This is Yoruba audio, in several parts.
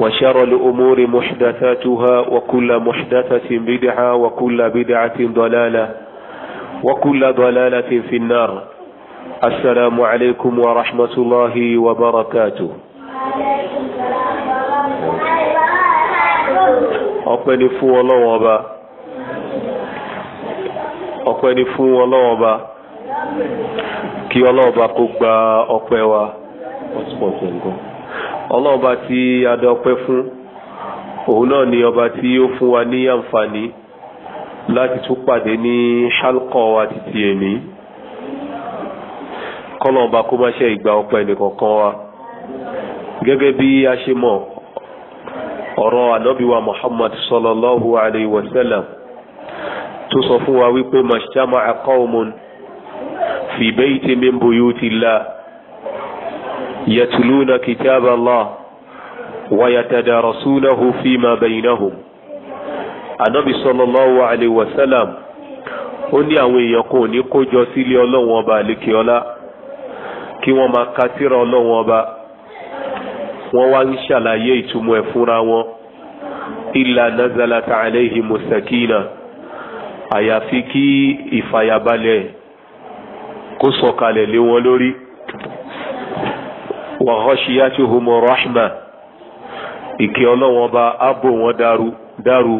وشر الأمور محدثاتها وكل محدثة بدعة وكل بدعة ضلالة وكل ضلالة في النار السلام عليكم ورحمة الله وبركاته ọpẹ́ni fún ọlọ́wọ́n ọba ọpẹ́ni fún ọlọ́wọ́n ọba kí ọlọ́wọ́n ọba kó gba ọlọ́run bá ti adá ọpẹ́ fún òun náà ni ọba tí ó fún wa ní àǹfààní láti tún pàdé ní ṣálkọ̀ wa títí èmi kọ́lọ́run bá kó má ṣe ìgbà ọpẹ́ nìkankan wa gẹ́gẹ́ bí a ṣe mọ̀ ọ̀rọ̀ ànábíwa muhammad sallallahu alayhi wa sallam tó sọ fún wa wípé mashtama qawmun fi bayti min buyutillah يتلون كتاب الله ويتدارسونه فيما بينهم anabi sallallahu alayhi wa sallam ó ní àwọn èèyàn kò ní kójọ sílé ọlọ́wọ́n ọba àlékè ọlá kí wọ́n máa ka tírà ọlọ́wọ́n ọba wọ́n wá ń ṣàlàyé ìtumọ̀ ẹ̀ fúnra wọn illa nazalata alayhi musakina àyàfi kí ìfàyàbalẹ̀ kó sọ̀kalẹ̀ lé wọn lórí. wa ghashiyatuhum rahma ìkẹ́ ọlọ́wọ́n ọba abo wọn dáru dáru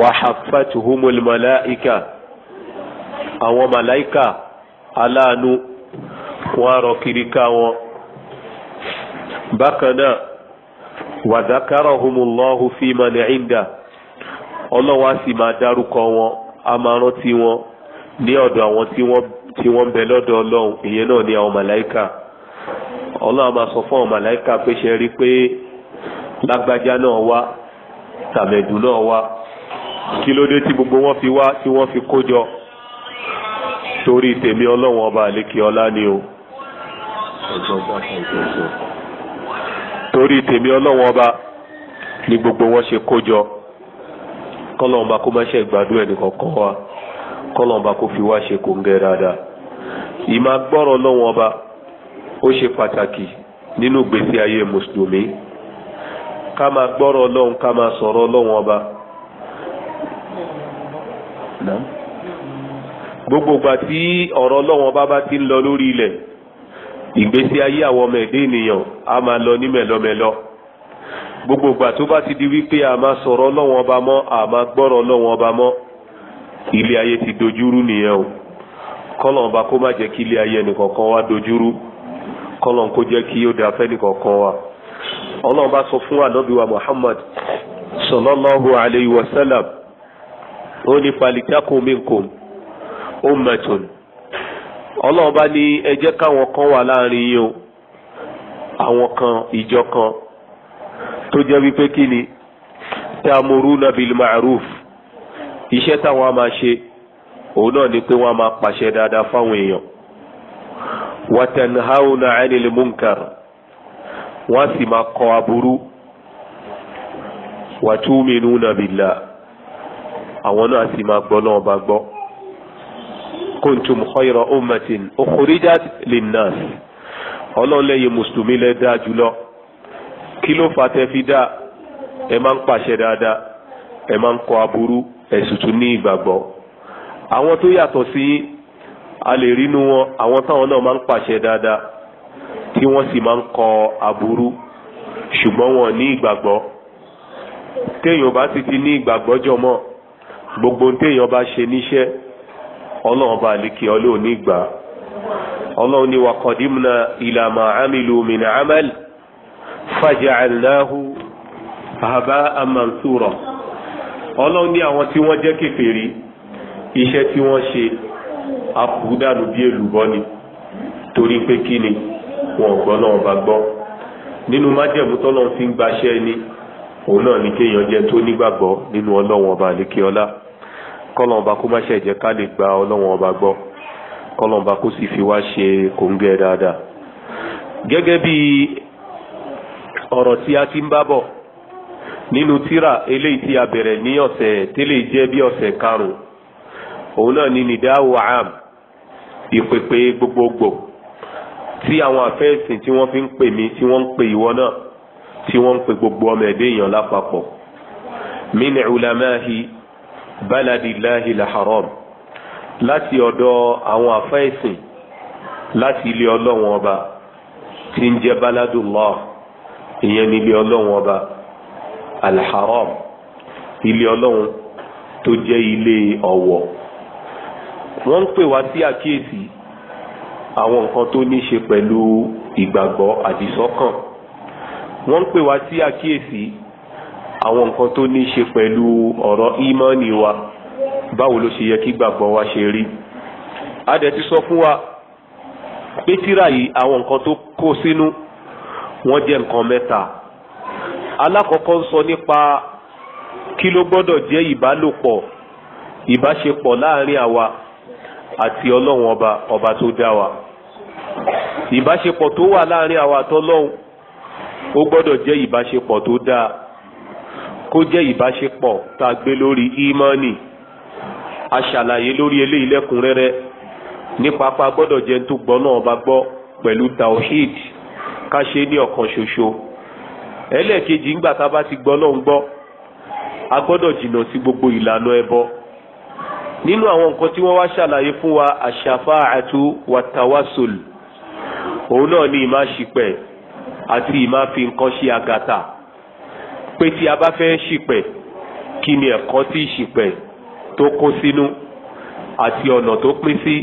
wa malaika àwọn màláìka aláàánú wọn arọ kiri ká wọn bákan náà wa fi man inda ọlọ́wọ́ a sì máa dárúkọ wọn a máa rántí wọn ní ọ̀dọ̀ àwọn tí wọ́n ń lọ́dọ̀ ọlọ́run ìyẹn náà ni àwọn ọlọ́run máa sọ fún màláíkà pé ṣe rí pé lágbájá náà wá tàmẹ̀dù náà wá kí ló dé tí gbogbo wọn fi wá tí wọ́n fi kó jọ torí tèmi ọlọ́run ọba àlékè ọlá ni o torí tèmi ọlọ́run ọba ni gbogbo wọn ṣe kó jọ kọ́lọ́ọ̀ba kó má ṣe gbádùn ẹnì kọ̀ọ̀kan wa kọ́lọ́ọ̀ba kó fi wá ṣe kòǹgẹ́ dáadáa ìmá gbọ́rọ̀ ọlọ́run ọba ó ṣe pàtàkì nínú gbèsè ayé mùsùlùmí ká máa gbọ́rọ̀ ọlọ́run ká máa sọ̀rọ̀ ọlọ́run ọba gbogbogba tí ọ̀rọ̀ ọlọ́run ọba bá ti ń lọ lórí ilẹ̀ ìgbésí ayé àwọn ọmọ ẹ̀dẹ́ ènìyàn a máa lọ ní mẹ̀lọmẹ̀lọ gbogbogba tó bá ti di wípé a máa sọ̀rọ̀ ọlọ́run ọba mọ́ a máa gbọ́rọ̀ ọlọ́run ọba mọ́ ilé ayé ti dojúrú nìyẹn o kọ́lọ̀ ọba kó má jẹ́ kí ilé ayé ẹnìkọ̀ọ̀kan wá dojúrú kọ́lọ̀ kó jẹ́ kí ó dáfẹ́ fẹ́ni kọ̀ọ̀kan wa ọlọ́run bá sọ fún ànábì wa muhammad sallallahu alayhi wa sallam ó ní palitakun minkum ummatun ọlọ́run bá ní ẹ káwọn kan wà láàrin yín o àwọn kan ìjọ kan tó jẹ́ wípé kí ni a máa ṣe òun náà ni wọ́n a máa pàṣẹ dáadáa fáwọn èèyàn wàtẹnhàwùnà ànil munkar wọ́n sì máa kọ aburú wàtúmínúnà bìlà àwọn náà sì máa gbọ́ náà bá gbọ́ kuntum khayra ummatin ukhrijat linnas ọlọ́lẹ́yìn mùsùlùmí lẹ́ dáa jùlọ kí ló fà tẹ́ fi ẹ máa ń pàṣẹ dáadáa ẹ máa ń kọ aburú ẹ̀sùn tún ní ìgbàgbọ́ àwọn tó yàtọ̀ sí yín a lè rínú wọn àwọn táwọn náà máa ń pàṣẹ dáadáa tí wọ́n sì máa ń kọ aburú ṣùgbọ́n wọn ní ìgbàgbọ́ téèyàn bá ti ti ní ìgbàgbọ́ jọmọ́ gbogbo téèyàn bá ṣe níṣẹ́ ọlọ́run bá lékè ọlọ́run ní ìgbà ọlọ́run ni wà kọ́dímùnà ìlàmà àmìlú min amal fàjàláhù àbá amansúrọ̀ ọlọ́run ní àwọn tí wọ́n jẹ́ kèfèrí iṣẹ́ tí wọ́n ṣe apùdànù bí èlùbọ́ ni torí pé kí ni wọn gbọ́ náà bá gbọ́ nínú májẹ̀mú tọ́lọ́ fi ń gbaṣẹ́ ẹni òun náà ní kéèyàn jẹ́ tó nígbàgbọ́ ọba àlékeọlá kọ́lọ́n ọba kó má ṣe jẹ́ ká lè ọba gbọ́ kọ́lọ́n kó fi wá ṣe dáadáa gẹ́gẹ́ bí ọ̀rọ̀ tí a ti ń bá bọ̀ nínú eléyìí tí a bẹ̀rẹ̀ ní ọ̀sẹ̀ tẹ́lẹ̀ jẹ́ bí ọ̀sẹ̀ karùn-ún òun am ìpèpè gbogbogbò tí àwọn àfẹ́sìn tí wọ́n fi ń pè mí tí wọ́n ń pè ìwọ náà tí wọ́n ń pè gbogbo ọmọ ẹ̀dẹ́ èèyàn lápapọ̀ min ulamahi baladillahi laharam láti ọ̀dọ̀ àwọn àfẹ́sìn láti ilé ọlọ́wọ́n ọba tí ń jẹ́ baladullah ìyẹn ní ilé ọlọ́wọ́n ọba alharam ilé ọlọ́wọ́n tó jẹ́ ilé ọ̀wọ̀ wọ́n ń pè wá sí àkíyèsí àwọn nǹkan tó ní ṣe pẹ̀lú ìgbàgbọ́ àdìsọ́kàn wọ́n ń pè wá sí àkíyèsí àwọn nǹkan tó ní ṣe pẹ̀lú ọ̀rọ̀ ìmọ̀ọ́nì wa báwo ló ṣe yẹ kí gbàgbọ́ wa ṣe rí a dẹ̀ ti sọ fún wa pé tírà yìí àwọn nǹkan tó kó sínú wọ́n jẹ́ nǹkan mẹ́ta alákọ̀ọ́kọ́ ń sọ nípa kí ló gbọ́dọ̀ jẹ́ ìbálòpọ̀ ìbáṣepọ̀ láàrin àwa àti ọlọ́run ọba ọba tó dá wa ìbáṣepọ̀ tó wà láàrin àwa àtọ́lọ́run ó gbọ́dọ̀ jẹ́ ìbáṣepọ̀ tó dáa kó jẹ́ ìbáṣepọ̀ tá a gbé lórí ímọ́nì a ṣàlàyé lórí eléyìí lẹ́kùnrẹ́rẹ́ nípa apá gbọ́dọ̀ jẹ́ tó gbọ́ náà bá gbọ́ pẹ̀lú tawhid ká ní ọ̀kan ṣoṣo ẹlẹ́ẹ̀kejì ńgbà tá a bá ti gbọ́ náà ń gbọ́ a gbọ́dọ̀ jìnnà sí gbogbo ìlànà ẹbọ nínú àwọn nǹkan tí wọ́n wá ṣàlàyé fún wa àṣàfáàtú wàtàwásùl òun náà ni ìmá ṣìpẹ̀ àti ìmá fi nǹkan ṣe àgàtà pé tí a bá fẹ́ ṣìpẹ̀ kí ni ẹ̀kọ́ tí ìṣìpẹ̀ tó kó sínú àti ọ̀nà tó pín sí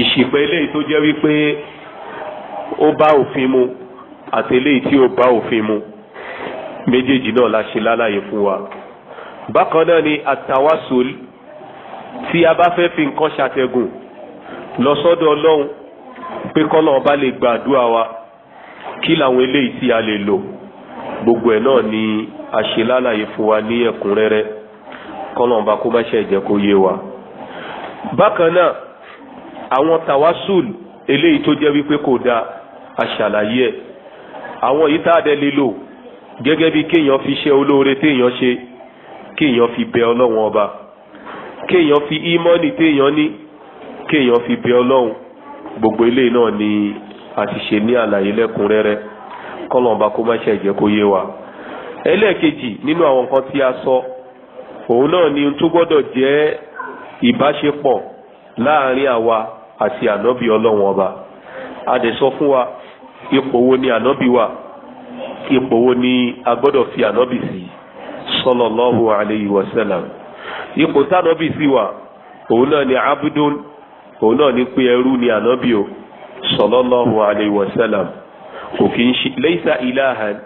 ìṣìpẹ̀ eléyìí tó jẹ́ wípé ó bá òfin mu àti eléyìí tí ó bá òfin mu méjèèjì náà la ṣe lálàyé fún wa bákan náà ni àtàwásùl tí a bá fẹ́ fi nǹkan ṣàtẹ̀gùn lọ sọ́dọ̀ ọlọ́run pé kọ́nà ọba lè gbàdúrà wa kí làwọn eléyìí tí a lè lò gbogbo ẹ̀ náà ni a ṣe lálàyé fún wa ní ẹ̀kúnrẹ́rẹ́ kọ́nà ọba kó má ṣe jẹ́ kó yé wa. bákan náà àwọn tawasul eléyìí tó jẹ́ wípé kò dáa a ṣàlàyé ẹ̀ àwọn yìí tá a dẹ̀ lè lò gẹ́gẹ́ bí kéèyàn fi ṣe olóore téèyàn ṣe kéèyàn fi bẹ ọlọ́run ọba kéèyàn fi ímọ́nì téèyàn ní kéèyàn fi bẹ ọlọ́run gbogbo eléyìí náà ni a ti ṣe ní àlàyé lẹ́kùnrẹ́rẹ́ kọ́lọ̀ọ̀bá kó má ṣe jẹ́ kó yé wa ẹlẹ́ẹ̀kejì nínú àwọn nǹkan tí a sọ òun náà ni tó gbọ́dọ̀ jẹ́ ìbáṣepọ̀ láàrin àwa àti ànábì ọlọ́run ọba a dẹ̀ sọ fún wa ipò wo ni ànábì wà ipò wo ni a gbọ́dọ̀ fi ànábì sí sallallahu alayhi wa sallam ipò tánọ́bì sì wà òun náà ni abdul òun náà ni pé ẹrú ni ànábì o sallallahu alayhi wa sallam kò kì í ṣe laysa ilahan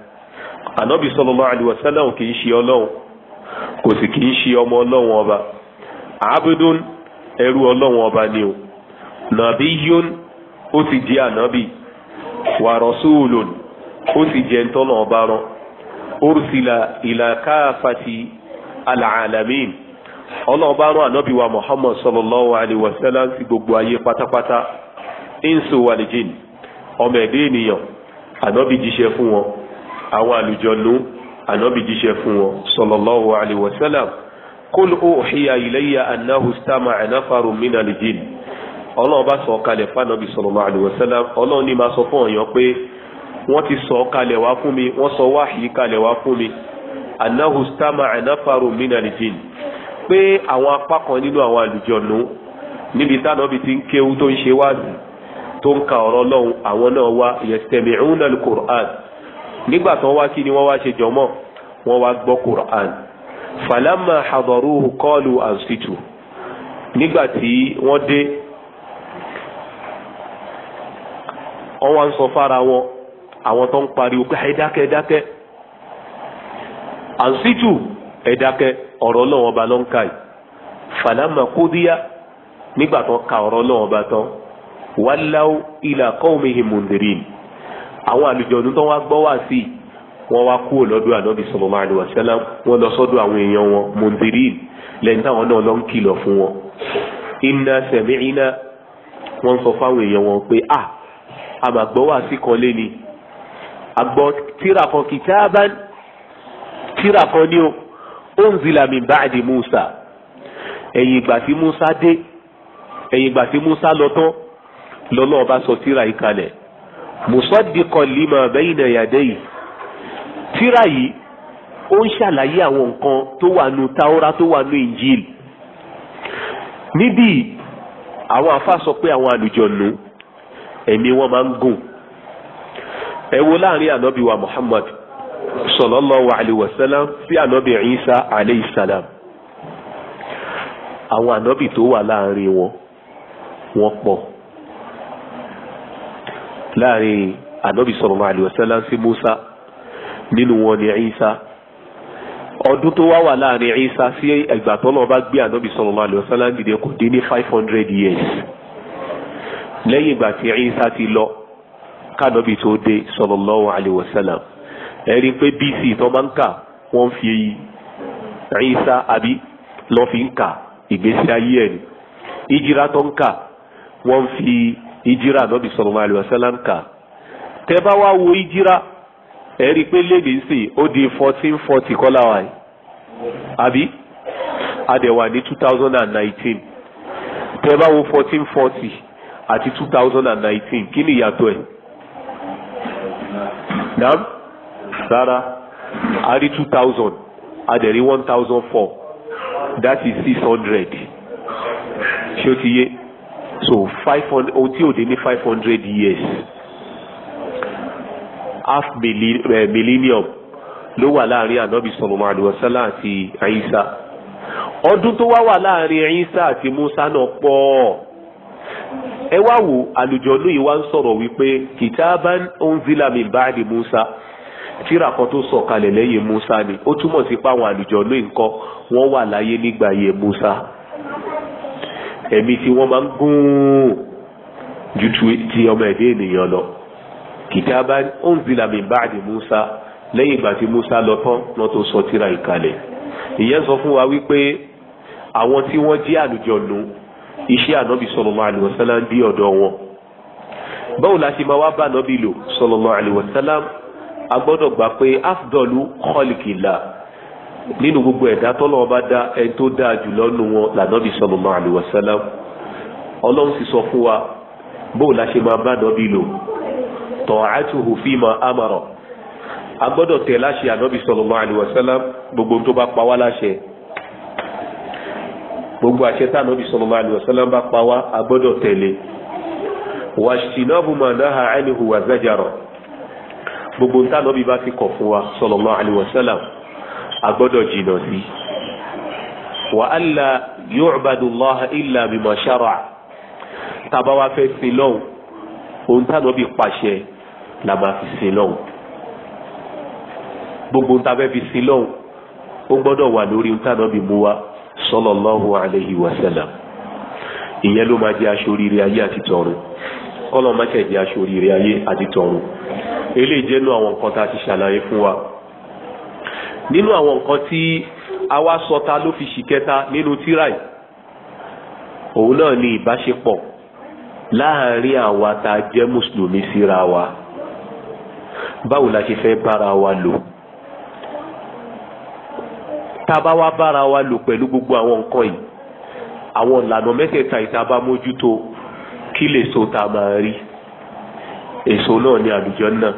ànábì sallallahu alayhi wa sallam kì í ṣe ọlọ́run kò sì kì í ṣe ọmọ ọlọ́run ọba abdul ẹrú ọlọ́run ọba ni o nàbíyún ó ti di ànábì wa rasulun ó sì jẹ́ ntọ́nà ọba rán ursila ila kaafati alalamin. Al ọlọ́run bá rán ànábì wa muhammad sallallahu alayhi wa sallam sí gbogbo ayé pátápátá insu walijin ọmọ ẹ̀dẹ́ ènìyàn ànábì jíṣẹ́ fún wọn àwọn àlùjọ̀nú ànábì jíṣẹ́ fún wọn sallallahu alayhi wa sallam kul uhiya ilayya annahu istama'a nafarun minal sọ pé àwọn apá kan nínú àwọn àlùjọ̀nù níbi táwọn ibi ti ń kéwú tó ń ṣe wáàsí tó ń ka ọ̀rọ̀ lọ́hùn àwọn náà wá yastami'una al-Qur'an nígbà wá kí ni wọ́n wá ṣe jọmọ́ wọ́n wá gbọ́ Qur'an falamma hadaruhu qalu ansitu nígbà tí wọ́n dé wọ́n wá ń sọ fára wọn àwọn tó ń pariwo pé ẹ dákẹ́ ẹ dákẹ́ ọ̀rọ̀ ọba ló ń ka yìí fàlámà kúdíyà nígbà tó ka ọ̀rọ̀ náà ọba tán wàláwù ilà kọ́ọ̀mìhìn mùndìrín àwọn àlùjọ̀nù tó wá gbọ́ wá sí i wọ́n wá kú ànábì wọn lẹ́yìn táwọn náà lọ wọn wọ́n sọ fáwọn èèyàn wọn pé ni àgbọ̀ tíra kan tíra kan o unzila min ba'di Musa ẹ̀yìn ìgbà tí Musa dé ẹ̀yìn ìgbà tí Musa lọ tán lọ́lọ́ ọba sọ tíra yìí kalẹ̀ musaddiqan lima bayna yadayhi tíra yìí ó ń ṣàlàyé àwọn nǹkan tó wà nù Taura tó wà nù Injil níbí àwọn afa sọ pé àwọn àlùjọ̀nù ẹ̀mí wọn máa ń gùn ẹ wo láàrin ànábì Muhammad sallallahu alayhi wa sallam sí ànábì Ìsá alayhi salam àwọn ànábì tó wà láàrin wọn wọ́n pọ̀ láàrin ànábì sallallahu alayhi wa sallam sí Musa nínú wọn ni Ìsá ọdún tó wá wà láàrin Ìsá sí ìgbà tó lọ́ọ́ bá gbé ànábì sallallahu alayhi dìde kò dín ní five hundred years lẹ́yìn ìgbà tí Ìsá ti lọ kánọ́bì tó dé sallallahu alayhi ẹ̀rí pé bc tó máa ń kà wọ́n fi ìsá àbí lọ́ fi ń kà ìgbésí ayé ẹ̀ ni ìjìrá tó ń kà wọ́n fi ìjìrá ànábì sallallahu alaihi wasallam ń kà tẹ́ bá wá wo ìjìrá ẹ̀rí pé léde ń sè ó di fourteen forty kọ́lá wa yìí àbí adẹ̀wà ní two thousand and nineteen tẹ́ bá wo fourteen forty àti two thousand and nineteen kí ni ìyàtọ̀ ẹ̀. Naam rárá a two thousand a dẹ̀ one thousand four that is six hundred ṣé o ti yé so five hundred ohun tí ò dé ní five hundred years half eh, millennium ló wà láàrin anabi sallallahu alaihi wasallam àti Isa ọdún tó wá wà láàrin Isa àti Musa náà pọ̀ ẹ wá wo àlùjọ lóye wá ń sọ̀rọ̀ wípé kìtàbán unzila min ba'di Musa tíra kan tó sọ̀ kalẹ̀ lẹ́yìn Musa ni ó túmọ̀ sí pé àwọn àlùjọ lóyè ńkọ́ wọ́n wà láyé nígbà yẹ Musa ẹ̀mí tí wọ́n máa ń gún ju ti ọmọ ẹ̀dẹ́ ènìyàn lọ kìtàbá unzila min ba'di Musa lẹ́yìn ìgbà tí Musa lọ tán náà tó sọ tíra ìkalẹ̀ ìyẹn sọ fún wa wípé àwọn tí wọ́n jí àlùjọ nù iṣẹ́ ànábì sallallahu alaihi wasallam ń bí ọ̀dọ̀ wọn báwo la ṣe máa wá bá ànábì lò sallallahu alaihi wasallam a gbọ́dọ̀ gbà pé afdọ́lù kọ́lìkìlà nínú gbogbo ẹ̀dá tọ́lọ́ ọba dá ẹni tó dáa jùlọ nù wọn lànàbì sallallahu alaihi wasallam ọlọ́run sì sọ fún wa bóò la ṣe máa bá nàbì lò ta'atuhu fima amara a gbọ́dọ̀ tẹ̀ láṣẹ ànàbì sallallahu alaihi wasallam gbogbo tó bá pa wá láṣẹ gbogbo àṣẹ tá ànàbì sallallahu alaihi wasallam bá pa wá a gbọ́dọ̀ wàṣìnàbùmọ̀ náà àìníhùwà zẹ́jàrọ̀ gbogbo nta lọ́bí bá ti kọ̀ fún wa alaihi wasallam a gbọ́dọ̀ jìnnà sí wa alla yu'badu Allah illa bima shara'a tàbá wa fẹ́ sin lọ́hùn ohun tá lọ́bí pàṣẹ la máa fi sin lọ́hùn gbogbo nta fẹ́ fi sin ó gbọ́dọ̀ wà lórí wa alaihi ìyẹn ló máa jẹ́ eléyìí jẹ́ nínú àwọn nǹkan tá a ti ṣàlàyé fún wa nínú àwọn nǹkan tí àwa sọta ló fi ṣì kẹta nínú tírà òun náà ni ìbáṣepọ̀ láàárín àwa tá a jẹ́ mùsùlùmí síra wa báwo la ṣe fẹ́ bára wa lò tá a bá wá bára wa lò pẹ̀lú gbogbo àwọn nǹkan yìí àwọn ìlànà mẹ́tẹ̀ẹ̀ta ìta bá mójútó kí lè so tá a máa rí èso náà ní àlùjọ náà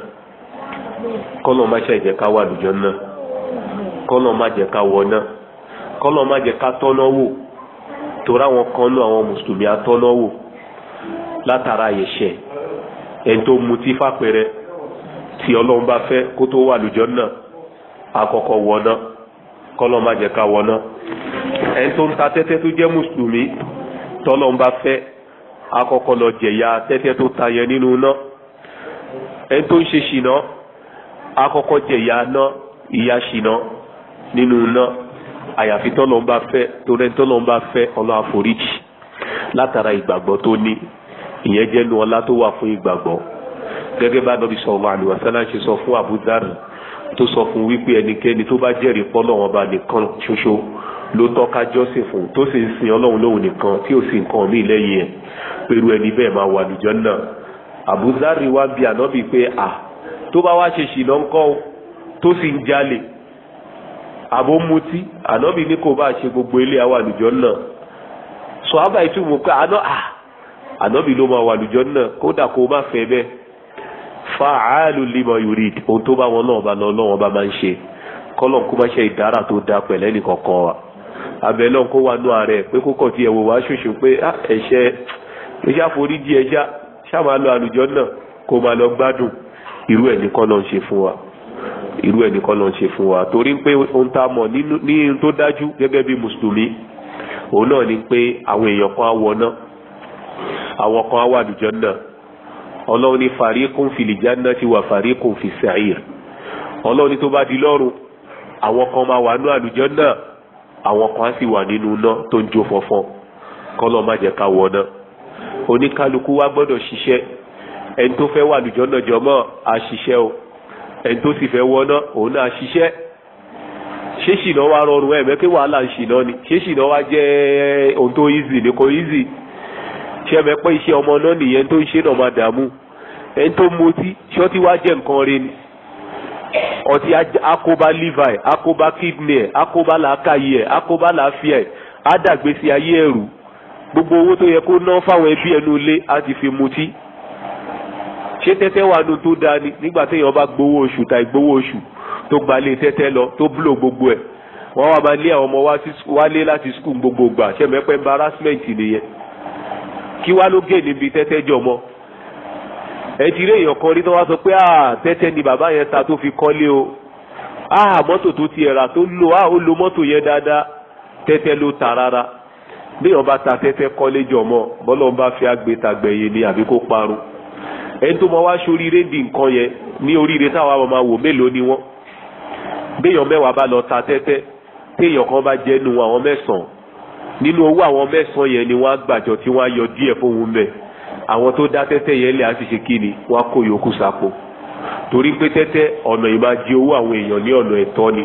kọ́lọ̀ má ṣe jẹ́ ká wà àlùjọ náà kọ́lọ̀ má jẹ́ ká wọ náà kọ́lọ̀ má jẹ́ ká tọ́nà wò torí àwọn kan náà àwọn mùsùlùmí atọ́nà wò látara ẹ̀ṣẹ̀ ẹni tó mutí fàpẹrẹ tí ọlọ́run bá fẹ́ kó tó wà àlùjọ náà àkọ́kọ́ wọ náà kọ́lọ̀ má jẹ́ ká wọ náà ẹni tó ń ta tẹ́tẹ́ tó jẹ́ mùsùlùmí tọ́lọ́run bá fẹ́ àkọ́kọ́ lọ jẹ̀yà tẹ́tẹ́ tó ta yẹn nínú náà ẹni tó ń ṣe ṣìnà akọ́kọ́ jẹ ìyà ná ìyà ṣìnà nínú ná àyàfi tọ́lọ́n bá fẹ́ torí ẹni tọ́lọ́n bá fẹ́ ọlọ́ àforíjì látara ìgbàgbọ́ tó ní ìyẹn jẹ́ nu ọlá tó wà fún ìgbàgbọ́ gẹ́gẹ́ bá nọ́bí sọ̀rọ̀ àlùwàsálà ṣe sọ fún Abudar tó sọ fún wípé ẹnikẹ́ni tó bá jẹ́rìí pọ́lọ́wọ́n bá nìkan ṣoṣo ló tọ́ka jọ́sìn fún tó sì ń sin ọlọ́run lóhun nìkan tí ò sí nǹkan míì lẹ́yìn ẹ̀ pẹ̀lú ẹni bẹ́ẹ̀ máa wà lùjọ́ náà àbúzárì wa bí ànábì pé à tó bá wá ṣe ṣìnà ńkọ́ tó sì ń jalè àbó mutí ànábì ní kò bá ṣe gbogbo ilé àwọn àlùjọ náà sọ àbá ìtumù pé ànábì ló máa wà àlùjọ náà kódà kó má fẹ́ bẹ́ẹ̀ fa àálù lima yurid ohun tó bá wọn náà bá lọ lọ́wọ́ bá máa ń ṣe kọ́lọ̀ kó má ṣe ìdára tó dáa pẹ̀lẹ́ nìkankan wa abẹ́ náà kó wà nú ààrẹ pé kó kọ̀ tí ẹ̀wò wá ṣòṣò pé ẹ̀ṣẹ̀ ẹ̀ṣẹ̀ àforíjì ẹ̀ṣẹ̀ ṣá máa lọ àlùjọ náà kó máa lọ gbádùn irú ẹ̀ nìkan náà ń ṣe fún wa irú ẹ̀ náà ń ṣe fún wa torí pé ohun tá a mọ̀ ní tó dájú gẹ́gẹ́ bí mùsùlùmí òun náà ni pé àwọn èèyàn kan á wọ náà àwọn kan á wà àlùjọ náà ọlọ́run ní fàríkùn fìlìjánná ti wà fàríkùn fi sàír ọlọ́run ní tó bá di lọ́rùn àwọn kan máa wà ní àlùjọ náà àwọn kan á sì wà nínú náà tó ń jó fọfọ́n kọ́lọ́ má jẹ́ ká wọ náà oníkálukú wa gbọ́dọ̀ ṣiṣẹ́ ẹni tó fẹ́ wà lùjọ́ náà jọmọ́ àṣiṣẹ́ o ẹni tó sì fẹ́ wọ́ná òun náà ṣiṣẹ́ ṣé ṣìnà wa rọrùn ẹ̀mẹ́ pé wàhálà ń ṣìnà ni ṣé ṣìnà wa jẹ́ ohun tó easy ni kò easy ṣé ẹ̀mẹ́ pé iṣẹ́ ọmọ náà nìyẹn tó ń ṣe náà máa dààmú ẹni tó mutí ṣọ́tí wa jẹ́ nǹkan re ni ọtí akóbá liver akóbá kidney akóbá làákàyè akóbá làáfíà á dàgbé sí ayé ẹ̀rù gbogbo owó tó yẹ kó ná fáwọn ẹbí ẹnu ilé á ti fi mutí ṣé tẹ́tẹ́ wà nù tó dáa ni nígbà téèyàn bá gbowó oṣù tàì gbowó oṣù tó gbalé tẹ́tẹ́ lọ tó búlò gbogbo ẹ̀ wọ́n wá máa lé àwọn ọmọ wálé láti skul gbogbo gbà ṣe mẹ́pẹ́ embarrassment nìyẹn kí wá ló gé níbi tẹ́tẹ́ jọmọ ẹ ti rí èèyàn kan rí tó wá sọ pé ah tẹ́tẹ́ ni bàbá yẹn ta tó fi kọ́lé o ah mọ́tò tó ti ẹ̀rà tó lò ah ó lo mọ́tò yẹn dáadáa tẹ́tẹ́ ló ta rárá bí ọba ta tẹ́tẹ́ kọ́lé jọmọ bọ́lọ́n bá fi àgbè tàgbẹ̀yẹ ni àbí kó parun ẹni tó mọ wá sóríire di nǹkan yẹn ní oríire táwa ọmọ wò mélòó ni wọ́n béèyàn mẹ́wàá bá lọ ta tẹ́tẹ́ téèyàn kan bá jẹ́ nu àwọn mẹ́sàn-án nínú owó àwọn mẹ́sàn-án yẹn ni wọ́n á gbàjọ tí wọ́n á yọ díẹ̀ fóun bẹ́ẹ̀ àwọn tó dá tẹ́tẹ́ yẹn lẹ̀ á sì ṣe kí ni wọ́n á kó yòókù sápò torí pé tẹ́tẹ́ ọ̀nà ìmájí owó àwọn èèyàn ní ọ̀nà ẹ̀tọ́ ni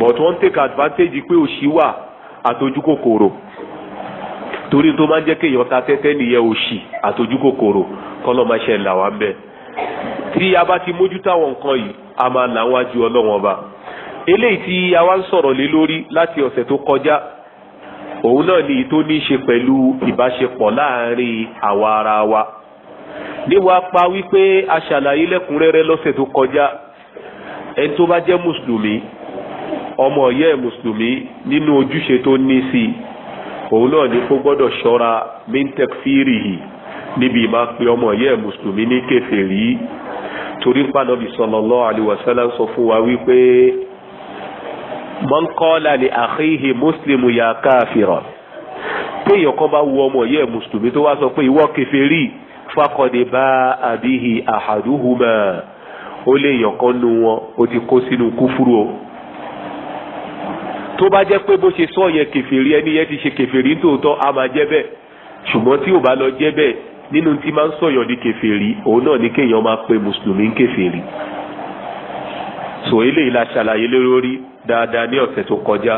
but wọ́n take advantage pé òṣì wà àtojúkòkòrò torí tó máa ń jẹ́ kéèyàn ta tẹ́tẹ́ nìyẹn òṣì àtòjú kòkòrò kọ́lọ́ máa ṣe là wá ń bẹ̀. tí a bá ti mójú táwọn nǹkan yìí a máa là wá ju ọlọ́wọ́n ọba. eléyìí tí a wá ń sọ̀rọ̀ lé lórí láti ọ̀sẹ̀ tó kọjá òun náà ni tó ní í ṣe pẹ̀lú ìbáṣepọ̀ láàárín àwa ara wa. níwà pa wípé a ṣàlàyé lẹ́kùnrẹ́rẹ́ lọ́sẹ̀ tó kọjá ẹni tó bá jẹ́ mùsùlùmí ọmọ ìyá mùsùlùmí nínú ojúṣe tó ní sí i òun náà ni kó gbọ́dọ̀ ṣọ́ra mintek fírì yìí níbi ìmá pé ọmọ yẹ́ mùsùlùmí ní kèfèrí torí pàdánù sallallahu alaihi wasallam sọ fún wa wípé man qala li akhihi muslimu ya káfíràn téèyàn kan bá wu ọmọ yẹ́ mùsùlùmí tó wá sọ pé ìwọ kèfèrí faqad ba'a bihi ahaduhuma ó lè yàn nu wọn ó ti kó sínú kúfúrú o tó bá jẹ́ pé bó ṣe sọ yẹn kèfèrí ẹni yẹn ti ṣe kèfèrí tòótọ́ a máa jẹ́ bẹ́ẹ̀ ṣùgbọ́n tí ò bá lọ jẹ́ bẹ́ẹ̀ nínú tí máa ń sọ̀yọ̀ ní kèfèrí òun náà ní kéèyàn máa pe mùsùlùmí ń kèfèrí so eléyìí la ṣàlàyé lórí dáadáa ní ọ̀sẹ̀ tó kọjá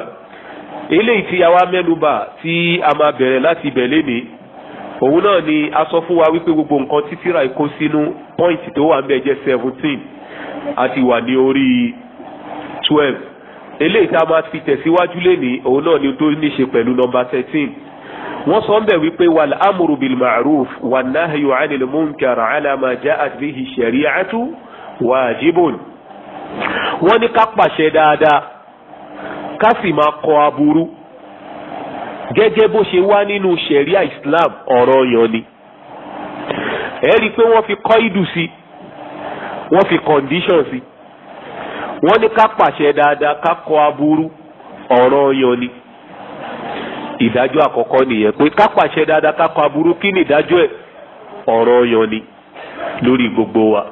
eléyìí tí àwa mẹ́nubà tí a máa bẹ̀rẹ̀ láti ibẹ̀ lénìí òun náà ni a sọ fún wa wípé gbogbo nǹkan tí tírà kó sínú pọ́ìntì tó wà ń bẹ̀ jẹ́ seventeen a ti wà ní orí twelve eléyìí tá a máa fi tẹ̀síwájú lénìí òun náà ni tó ní ṣe pẹ̀lú nọmba thirteen wọ́n sọ ń bẹ̀ wípé wàl amúru bil ma'ruf wà náhayò anil munkar alama já àtìlẹ́hìn shari'atu wajibun. wọ́n ní ká pàṣẹ dáadáa ká sì máa kọ aburú gẹ́gẹ́ bó ṣe wá nínú sharia islam ọ̀rọ̀ yan ni. ẹ pé wọ́n fi kọ́ ìdù sí wọ́n fi condition sí. Si wọ́n ní ká pàṣẹ dáadáa ká kọ aburú ọ̀ràn yan ni ìdájọ́ àkọ́kọ́ nìyẹn pé ká pàṣẹ dáadáa ká kọ aburú kí ni ìdájọ́ ẹ̀ ọ̀ràn yan ni lórí gbogbo wa.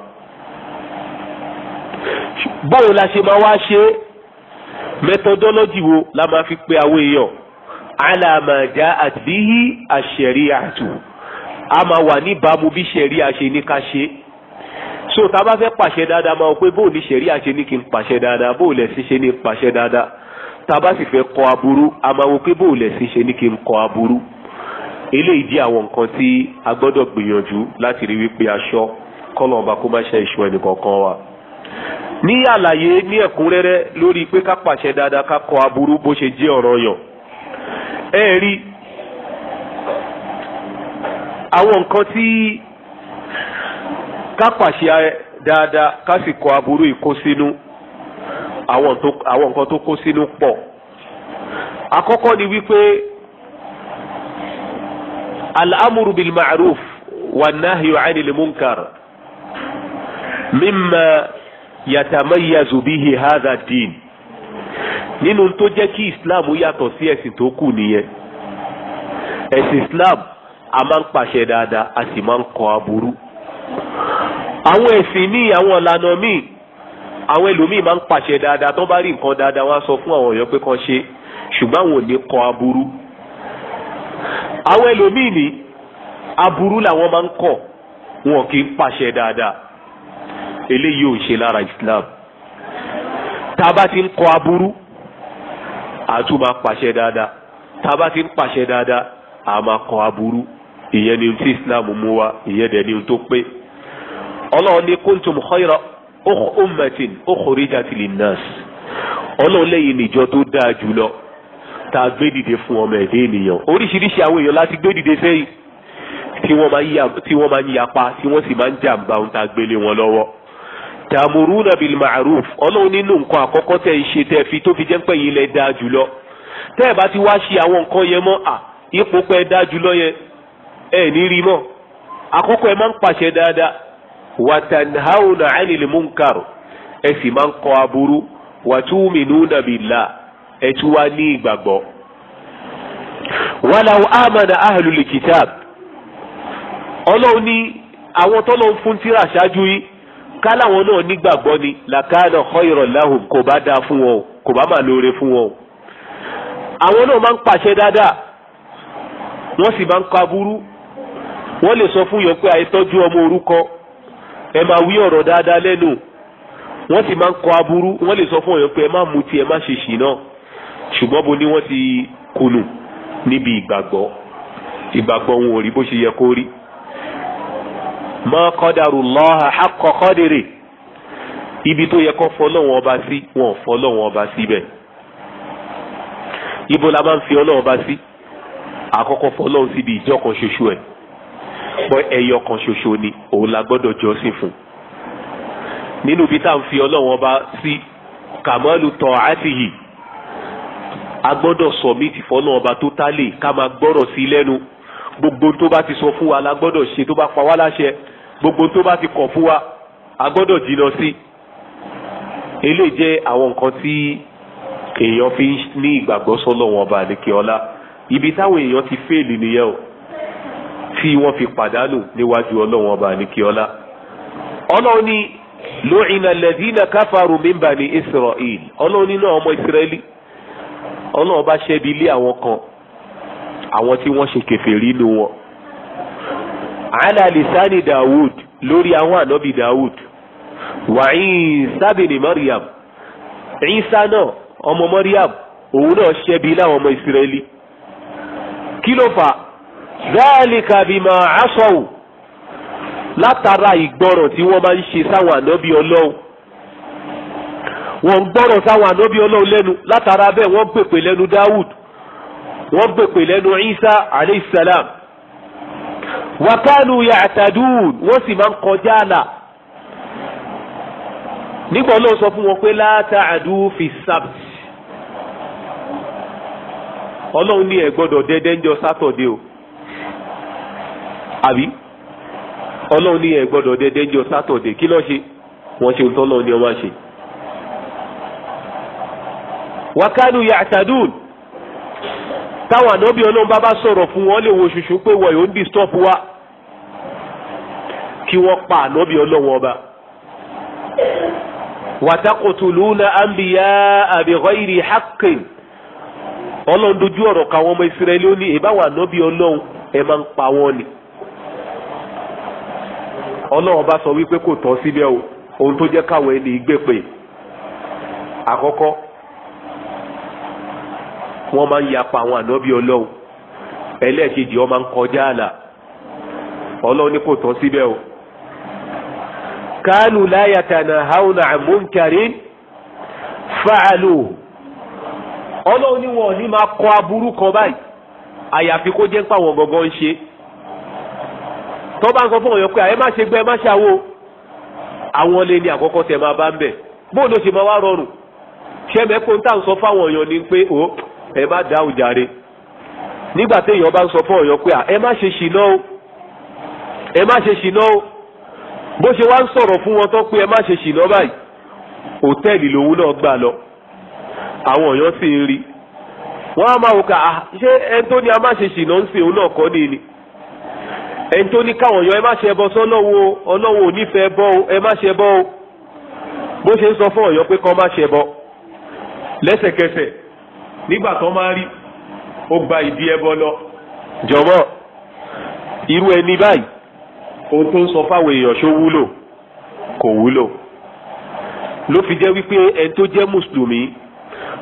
báwo la ṣe máa wá ṣe methodology wo la máa fi pe àwọn èèyàn alàmàjá àtìlíhì àṣẹríàtù a máa wà níbàámu bí ṣẹ̀ríà ṣe ní ká ṣe so tá a bá fẹ́ pàṣẹ dáadáa máa pé bóò ní ṣẹ̀ríà ṣe ní kí n pàṣẹ dáadáa bóò lẹ́sìn ṣe ní pàṣẹ dáadáa tá a bá sì fẹ́ kọ aburú a máa wo pé bóò lẹ́sìn ṣe ní kí n kọ aburú eléyìí di àwọn nǹkan tí a gbọ́dọ̀ gbìyànjú láti rí wípé aṣọ kọ́lọ̀ ọba kó má ṣe ìṣù ẹnì kankan wa. ní àlàyé ní ẹ̀kúnrẹ́rẹ́ lórí pé ká pàṣẹ dáadáa ká kọ aburú bó ṣe jẹ́ ọ̀ranyàn ẹ rí àwọn nǹkan tí ká pàṣẹ dáadáa ká sì kọ aburú ìkó sínú àwọn nǹkan tó kó sínú pọ̀ àkọ́kọ́ ni wípé al'amuru bil ma'ruf wa nahyu anil munkar mimma yatamayyazu bihi hadha din nínú tó jẹ́ kí islam yàtọ̀ sí ẹ̀sìn tó kù nìyẹn ẹ̀sìn islam a máa ń pàṣẹ a sì máa ń kọ àwọn ẹ̀sìn míì àwọn ìlànà míì àwọn ẹlòmíì máa ń pàṣẹ dáadáa tó bá rí nǹkan dáadáa wá sọ fún àwọn èèyàn pé kán ṣe ṣùgbọ́n àwọn ò ní kọ aburú àwọn ẹlòmíì ní aburú làwọn máa ń kọ wọn kì í pàṣẹ dáadáa eléyìí ò ṣe lára Islam tá a bá ti ń kọ aburú a tún máa pàṣẹ dáadáa tá a bá ti ń pàṣẹ dáadáa a máa kọ aburú ìyẹn ni tí Islam mú wa ìyẹn dẹ̀ ni tó pé ọlọ́run ní kuntum khayra ummatin ukhrijat linnas ọlọ́run lẹ́yìn níjọ tó dáa jùlọ tá a gbé dìde fún ọmọ ẹ̀dẹ́ ènìyàn oríṣiríṣi àwọn èèyàn láti gbé dìde sẹ́yìn tí wọ́n máa ń yapa tí wọ́n sì máa ń jàǹbá ohun tá a gbélé wọn lọ́wọ́ tàmùrúnà bíi màrúf ọlọ́run nínú nǹkan àkọ́kọ́ tẹ̀ ń ṣe tẹ̀ fi tó fi jẹ́ pẹ́ yìí lẹ dáa jùlọ tẹ́ ẹ̀ bá ti wá ṣe àwọn nǹkan yẹn mọ́ à ipò pẹ́ dáa jùlọ yẹn ẹ̀ ní rí mọ́ àkọ́kọ́ ẹ máa ń pàṣẹ dáadáa wata ánìlímúnkàr ẹ sì máa ń kọ aburú wàtúmínúnà bìlá ẹ tún wá ní ìgbàgbọ́. wàláwù àmàna ahlul awon ọlọ́run fun tira tọ́lọ́ fún tíra ṣáájú yìí ni làkàna khayran lahum kò bá dáa fún wọn o kò bá máa lóore fún wọn o. àwọn náà ma ń pàṣẹ dáadáa wọ́n sì máa ń kọ aburú wọ́n lè sọ fún yọ pé ọmọ ẹ máa wí ọ̀rọ̀ dáadáa lẹ́nu wọ́n sì máa ń kọ aburú wọ́n lè sọ fún ọ̀yàn pé ẹ má mutí ẹ má ṣe ṣì náà ṣùgbọ́n bo ni wọ́n ti kùnù níbi ìgbàgbọ́ ìgbàgbọ́ wọn ò rí bó ṣe yẹ kó rí ma qadarullaha haqqa qadri ibi tó yẹ kó fọlọ́wọ́n ọba sí wọn ò fọlọ́wọ́n ọba síbẹ̀ ibo la máa ń fi ọlọ́wọ́n ọba sí àkọ́kọ́ fọlọ́wọ́n síbi ìjọ kan ṣoṣo ẹ̀ bọ́ ẹyọ kan ṣoṣo ni òun la gbọ́dọ̀ jọ́sìn fún nínú bí tá à ń fi ọlọ́run ọba sí kàmọ́lù tọ́ àtìyí a gbọ́dọ̀ sọ̀mìtì fọ́nà ọba tó tálè ká máa gbọ́rọ̀ sí lẹ́nu gbogbo tó bá ti sọ fún wa la gbọ́dọ̀ ṣe tó bá pa wá láṣẹ gbogbo tó bá ti kọ̀ fún wa a gbọ́dọ̀ jìnnà sí eléyìí jẹ́ àwọn nǹkan tí èèyàn fi ní ìgbàgbọ́ sọ́lọ́run ọba àdìkẹ́ ọlá ibi táwọn èèyàn ti fẹ́ẹ̀lì nìyẹn o tí wọ́n fi pàdánù níwájú ọlọ́run ọba àníkíọ́lá ọlọ́run ní lóyìnà lẹ́dínà káfàrú mímbà ní israel ọlọ́run nínú àwọn ọmọ israẹli ọlọ́run bá ṣẹ́bi lé àwọn kan àwọn tí wọ́n ṣe kèfèrí nínú wọn. ala lisani dawud lórí àwọn ànábì dawud wa Isa mariam Isa náà ọmọ mariam òun náà ṣẹ́bi láwọn ọmọ israẹli kí ló fà á ذلك بما عصوا لا ترى tí wọ́n máa ń ṣe sáwọn ànábì ọlọ́run wọ́n ń gbọ́ràn sáwọn ànábì ọlọ́run lẹ́nu látara bẹ́ẹ̀ wọ́n gbèpè lẹ́nu Dawud wọ́n gbèpè lẹ́nu Isa alayhi salam wakanu ya'tadun wọ́n sì máa ń kọjá àlà nígbà ọlọ́run sọ fún wọn pé la ta'adu fi sabt ọlọ́run ní ẹ̀ gbọ́dọ̀ dẹ́dẹ́ ń jọ sátọ̀dé o. àbí ọlọ́run ní ẹ gbọ́dọ̀ dédé jọ sátọ̀dẹ̀ kí ló ṣe wọ́n ṣe tọ́ lọ́ọ̀ ní ṣe. wákàlù táwọn ànábì ọlọ́run bá bá sọ̀rọ̀ fún wọn lè wo ṣùṣù pé wọ́n yóò ń ọba. ọlọ́run dojú ọ̀rọ̀ káwọn ọmọ ó ní ànábì ọlọ́run ẹ máa ń ọlọ́run bá sọ wípé kò tọ́ síbẹ̀ o ohun tó jẹ́ káwọn ẹni gbé pè àkọ́kọ́ wọ́n máa ń yapa àwọn ànábì ọlọ́run ẹlẹ́ẹ̀kejì wọ́n máa ń kọjá àlà ọlọ́run ní kò tọ́ síbẹ̀ o kánú láyàtànà haúnà àmúnkarín fàálù ọlọ́run ní wọn ò ní máa kọ́ aburú kan báyìí àyàfi kó jẹ́ pàwọn gọ́gọ́ ń ṣe tó bá ń sọ fún ọ̀yàn pé ẹ má ṣe gbẹ́ ẹ má ṣe àwo àwọn lè ní àkọ́kọ́ tẹ máa bá ń bẹ̀ bóun ló ṣe máa wá rọrùn ṣé mẹ́kó ń tà ń sọ fáwọn èèyàn ni pé ó ẹ má dá òjàre nígbà téèyàn bá ń sọ fún ọ̀yàn pé ẹ má ṣe ṣìná o ẹ má ṣe ṣìná o bó ṣe wá ń sọ̀rọ̀ fún wọn tán pé ẹ má ṣe ṣìná báyìí òtẹ́ẹ̀lì lòun náà gbà lọ àwọn èèyàn sì ń rí wọ́n á máa wò ká ṣé ẹni tó ní a má ṣe ṣìná ń sìn òun náà kọ́ ni ni ẹni tó ní káwọn yan ẹ má ṣe ẹbọ sọ́lọ́wọ́ ọlọ́wọ́ ò nífẹ̀ẹ́ bọ́ ọ ẹ má ṣe bọ́ ọ bó ṣe ń sọ fún ọ̀yọ́ pé kọ́ má ṣe bọ́ lẹ́sẹ̀kẹsẹ̀ nígbà tó máa rí ó gba ìdí ẹbọ lọ jọ̀mọ́ irú ẹni báyìí ohun tó ń sọ fáwọn èèyàn ṣó wúlò kò wúlò ló fi jẹ́ wípé ẹni tó jẹ́ mùsùlùmí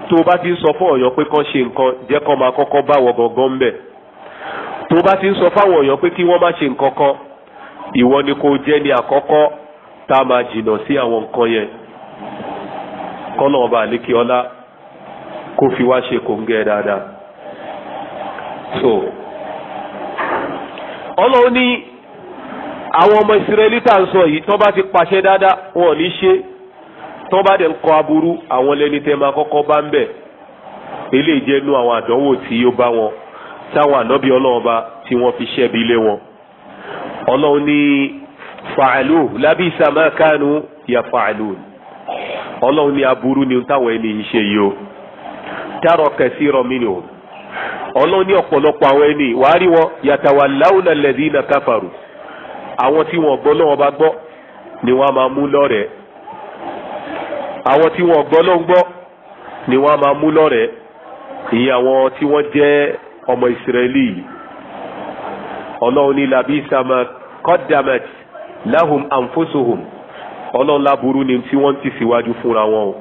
tó bá ti ń sọ fún ọ̀yọ́ pé kán ṣe nǹkan jẹ́ kán máa kọ́kọ́ báwọ̀ gangan bẹ́ẹ̀ tó bá ti ń sọ fáwọn èèyàn pé kí wọ́n má ṣe nǹkan kan ìwọ ni kò jẹ́ ní àkọ́kọ́ tá a máa jìnnà sí àwọn nǹkan yẹn kọ́nà ọba àlékè ọlá kó fi wá ṣe kòǹgẹ́ dáadáa so ọlọ́run ní àwọn ọmọ ìsirẹ́lì tá à ń sọ yìí tán bá ti pàṣẹ dáadáa wọn ò ní ṣe tán bá dẹ̀ ń kọ aburú àwọn lẹ́ni tẹ́ máa kọ́kọ́ bá ń bẹ̀ eléyìí jẹ́ nú àwọn àdánwò tí ó bá wọn táwọn ànábì ọlọ́run ọba tí wọ́n fi ṣẹ́bi lé wọn ọlọ́run ní fàálù lábísà máa kánú yà fàálù ọlọ́run ní aburú ni táwọn ẹni yìí ṣe yìí o dárọ̀ kẹsí rọmìnì o ọlọ́run ní ọ̀pọ̀lọpọ̀ àwọn ẹni wàá rí wọn yàtàwà láwùlà lẹ́dínà káfàrù àwọn tí wọ́n gbọ́ lọ́wọ́ bá gbọ́ ni wọ́n máa mú lọ́rẹ̀ẹ́ àwọn tí wọ́n gbọ́ ló gbọ́ ni wọ́n máa mú lọ́rẹ̀ẹ́ ìyẹn tí wọ́n jẹ́ ọmọ ìsirẹ́lì yìí ọlọ́run ní labisa ma kọ́dàmẹ́t lahum anfusuhum ọlọ́run láburú ni tí wọ́n ti síwájú fúnra wọn o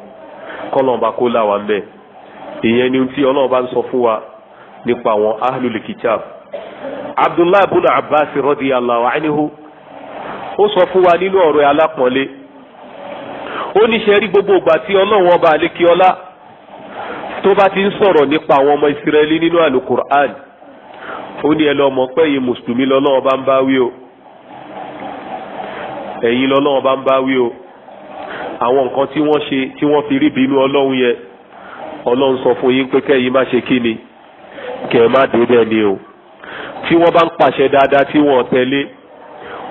kọ́lọ́ọ̀bá kó láwa mẹ́ ìyẹn ni tí ọlọ́run bá ń sọ fún wa nípa àwọn ahlul kitab abdullahi ibn abbas radiyallahu anhu ó sọ fún wa nínú ọ̀rọ̀ alápọ̀nlé ó ní ṣe rí gbogbo ìgbà tí ọlọ́run ọba àlékiọlá tó bá ti ń sọ̀rọ̀ nípa àwọn ọmọ ìsirẹ́lì nínú alukur'an ó ní ẹ lọ mọ̀ pé ẹ̀yin mùsùlùmí lọ́lọ́wọ́ bá ń bá wí o ẹ̀yin lọ́lọ́wọ́ bá ń bá wí o àwọn nǹkan tí wọ́n ṣe tí wọ́n fi rí bínú ọlọ́run yẹn ọlọ́run sọ fún yín pé kẹ́yìn má ṣe kí ni kẹ́ ẹ má dé bẹ́ẹ̀ ni o tí wọ́n bá ń pàṣẹ dáadáa tí wọ́n tẹ̀lé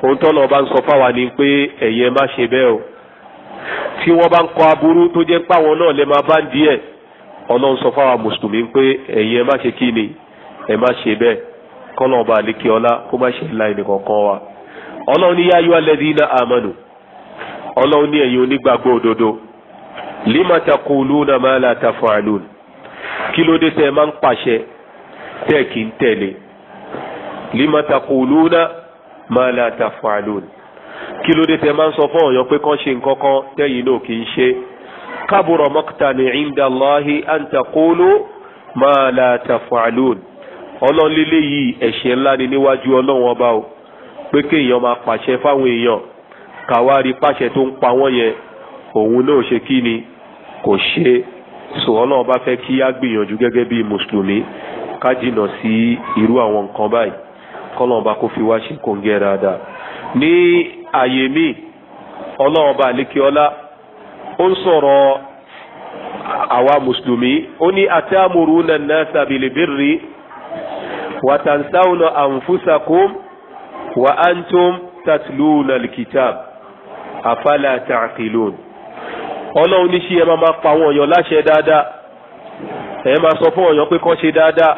ohun tọ́lọ́ bá ń sọ fáwa ni pé ẹ̀yin má ṣe bẹ́ẹ̀ o tí wọ́n bá ń kọ aburú tó jẹ́ pàwọn náà lè máa bá ń díẹ̀ ọlọ́run sọ fáwọn mùsùlùmí pé ẹ̀yin ẹ má ṣe kí ni ẹ má ṣe bẹ́ẹ̀ kọ́lọ̀ ọba àlékè ọlá kó má ṣe la ẹnìkan kan wa ọlọ́run ní yáyọ alladhina amanu ọlọ́run ní ẹ̀yin onígbàgbọ́ òdodo lima taquluna ma la taf'alun kí ló dé tẹ́ ẹ máa ń pàṣẹ tẹ́ ẹ kì í tẹ̀lé lima taquluna ma la taf'alun kí ló dé tẹ́ ẹ máa ń sọ fún ọ̀yàn pé kán ṣe nǹkan kan tẹ́yìn náà kì í ṣe é kabura maqtan inda Allahi an taqulu ma la taf'alun ọlọ́run lílé yìí ẹ̀ṣẹ̀ ńlá ni níwájú ọlọ́run ọba o pé kéèyàn máa pàṣẹ fáwọn èèyàn kàwárí pàṣẹ tó ń pa wọ́n yẹn òun náà ṣe kí ni kò ṣe sọ ọlọ́run bá fẹ́ kí á gbìyànjú gẹ́gẹ́ bí mùsùlùmí ká jìnà sí irú àwọn nǹkan báyìí kọ́lọ́run fi wá ṣe kóńgẹ́ dáadáa ní àyè ó ń sọ̀rọ̀ àwa mùsùlùmí ó ní atamuruna nasa bilibirri wàtànsáwùnà ànfúsàkùm wà antum tatluna likitab afala ta'qilun ọlọ́run ní ṣe ẹ máa pa àwọn èèyàn láṣẹ dáadáa ẹ máa sọ fún èèyàn pé kán ṣe dáadáa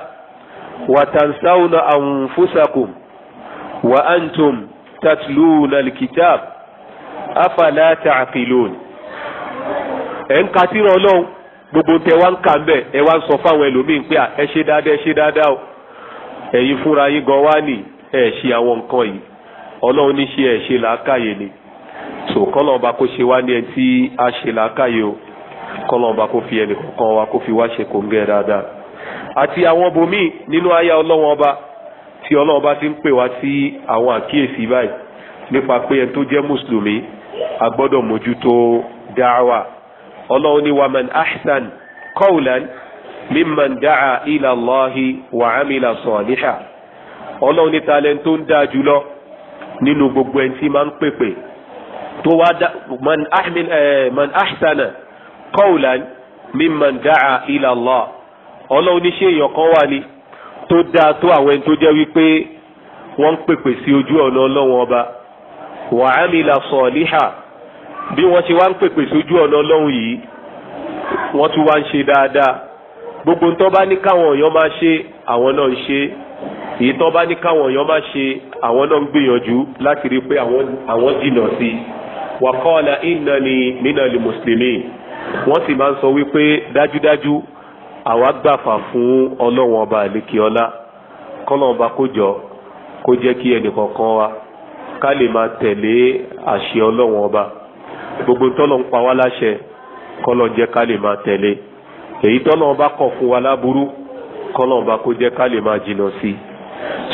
wàtànsáwùnà ànfúsàkùm wà antum tatluna likitab afala ta'qilun ẹ̀ ń ka tírà ọlọ́run gbogbo tẹ wá ń kà ń bẹ̀ ẹ wá ń sọ fáwọn ẹlòmíín pé ẹ ṣe dáadáa ẹ ṣe dáadáa o ẹ̀yin fúnra yín gan wá nì ẹ ṣe àwọn nǹkan yìí ọlọ́run ní ṣe ẹ ṣe làákàyè ni so kọ́lọ̀ ọba kó ṣe wá ní ẹ tí a ṣe làákàyè o kọ́lọ̀ ọba kó fi ẹnì kọ̀ọ̀kan wa kó fi wá ṣe kòǹgẹ́ dáadáa àti àwọn bòmíì nínú àyà ọlọ́run ọba tí ọlọ́run ọba ti ń pè wá sí ọlọ́run ní wàmán ahsan qawlan mimman da'a ila Allahi wa amila saliha ọlọ́run ní talẹ̀ tó ń dáa jùlọ nínú gbogbo ẹni tí máa ń pèpè tó wá dá eh, man ahsana qawlan mimman da'a ila Allah ọlọ́run ní ṣé èèyàn kan wà ní tó dáa tó àwọn ẹni tó jẹ́ wípé wọ́n ń pèpè sí ojú ọ̀nà ọlọ́run ọba wa amila saliha bí wọ́n ṣe wá ń pèpè sójú ọ̀nà ọlọ́run yìí wọ́n tún wá ń ṣe dáadáa gbogbo tó bá ní káwọn èèyàn máa ṣe àwọn náà ń ṣe èyí tó bá ní káwọn èèyàn máa ṣe àwọn náà ń gbìyànjú láti rí i pé àwọn jìnnà sí i wàkọ́ọ̀lá ìnáni mínàlì mùsùlùmí wọ́n sì máa ń sọ wípé dájúdájú àwa gbàfà fún ọlọ́wọ́n ọba àlékiọlá kọ́lọ́n ọba kó jọ kó jẹ́ kí ẹnìkọ̀ọ̀kan wa ká lè máa tẹ̀lé àṣẹ ọlọ́wọ́n ọba gbogbo tọ́lọ̀ ń pa wá láṣẹ kọ́lọ̀ jẹ́ ká lè máa tẹ̀lé èyí tọ́lọ̀ bá kọ̀ fún wa láburú kọ́lọ̀ bá kó jẹ́ ká lè máa jìnà sí i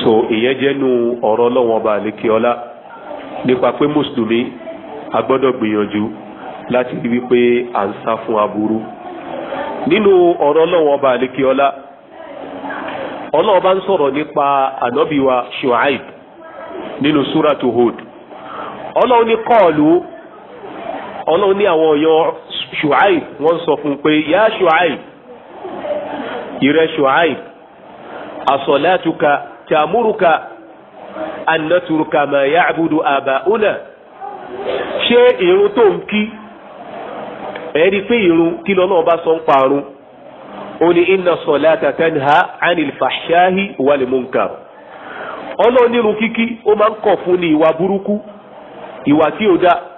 so ìyẹn jẹ́nu ọ̀rọ̀ ọlọ́wọ́n bá lékè ọlá nípa pé mùsùlùmí a gbọ́dọ̀ gbìyànjú láti rí wípé à ń sá fún aburú nínú ọ̀rọ̀ ọlọ́wọ́n bá lékè ọlá ọlọ́wọ́n bá ń sọ̀rọ̀ nípa ànábìwa Shu'aib nínú súratu Hud ọlọ́wọ́n ní kọ́ọ̀lù ọlọ́run ní àwọn ọ̀yọ́ ṣùáì wọ́n sọ fún un pé yá ṣùáì ìrẹ ṣùáì àsọ̀látùka tàmúrùka ànátùrùka mà ya'budu àbáúnà ṣé irun tó ń kí ẹ̀rí pé irun kí lọ́nà ọba sọ ń parun ó ní inna salata tanha anil fahshahi ọlọ́run nírun kíkí ó máa ń kọ̀ fún ní ìwà burúkú ìwà tí ó dáa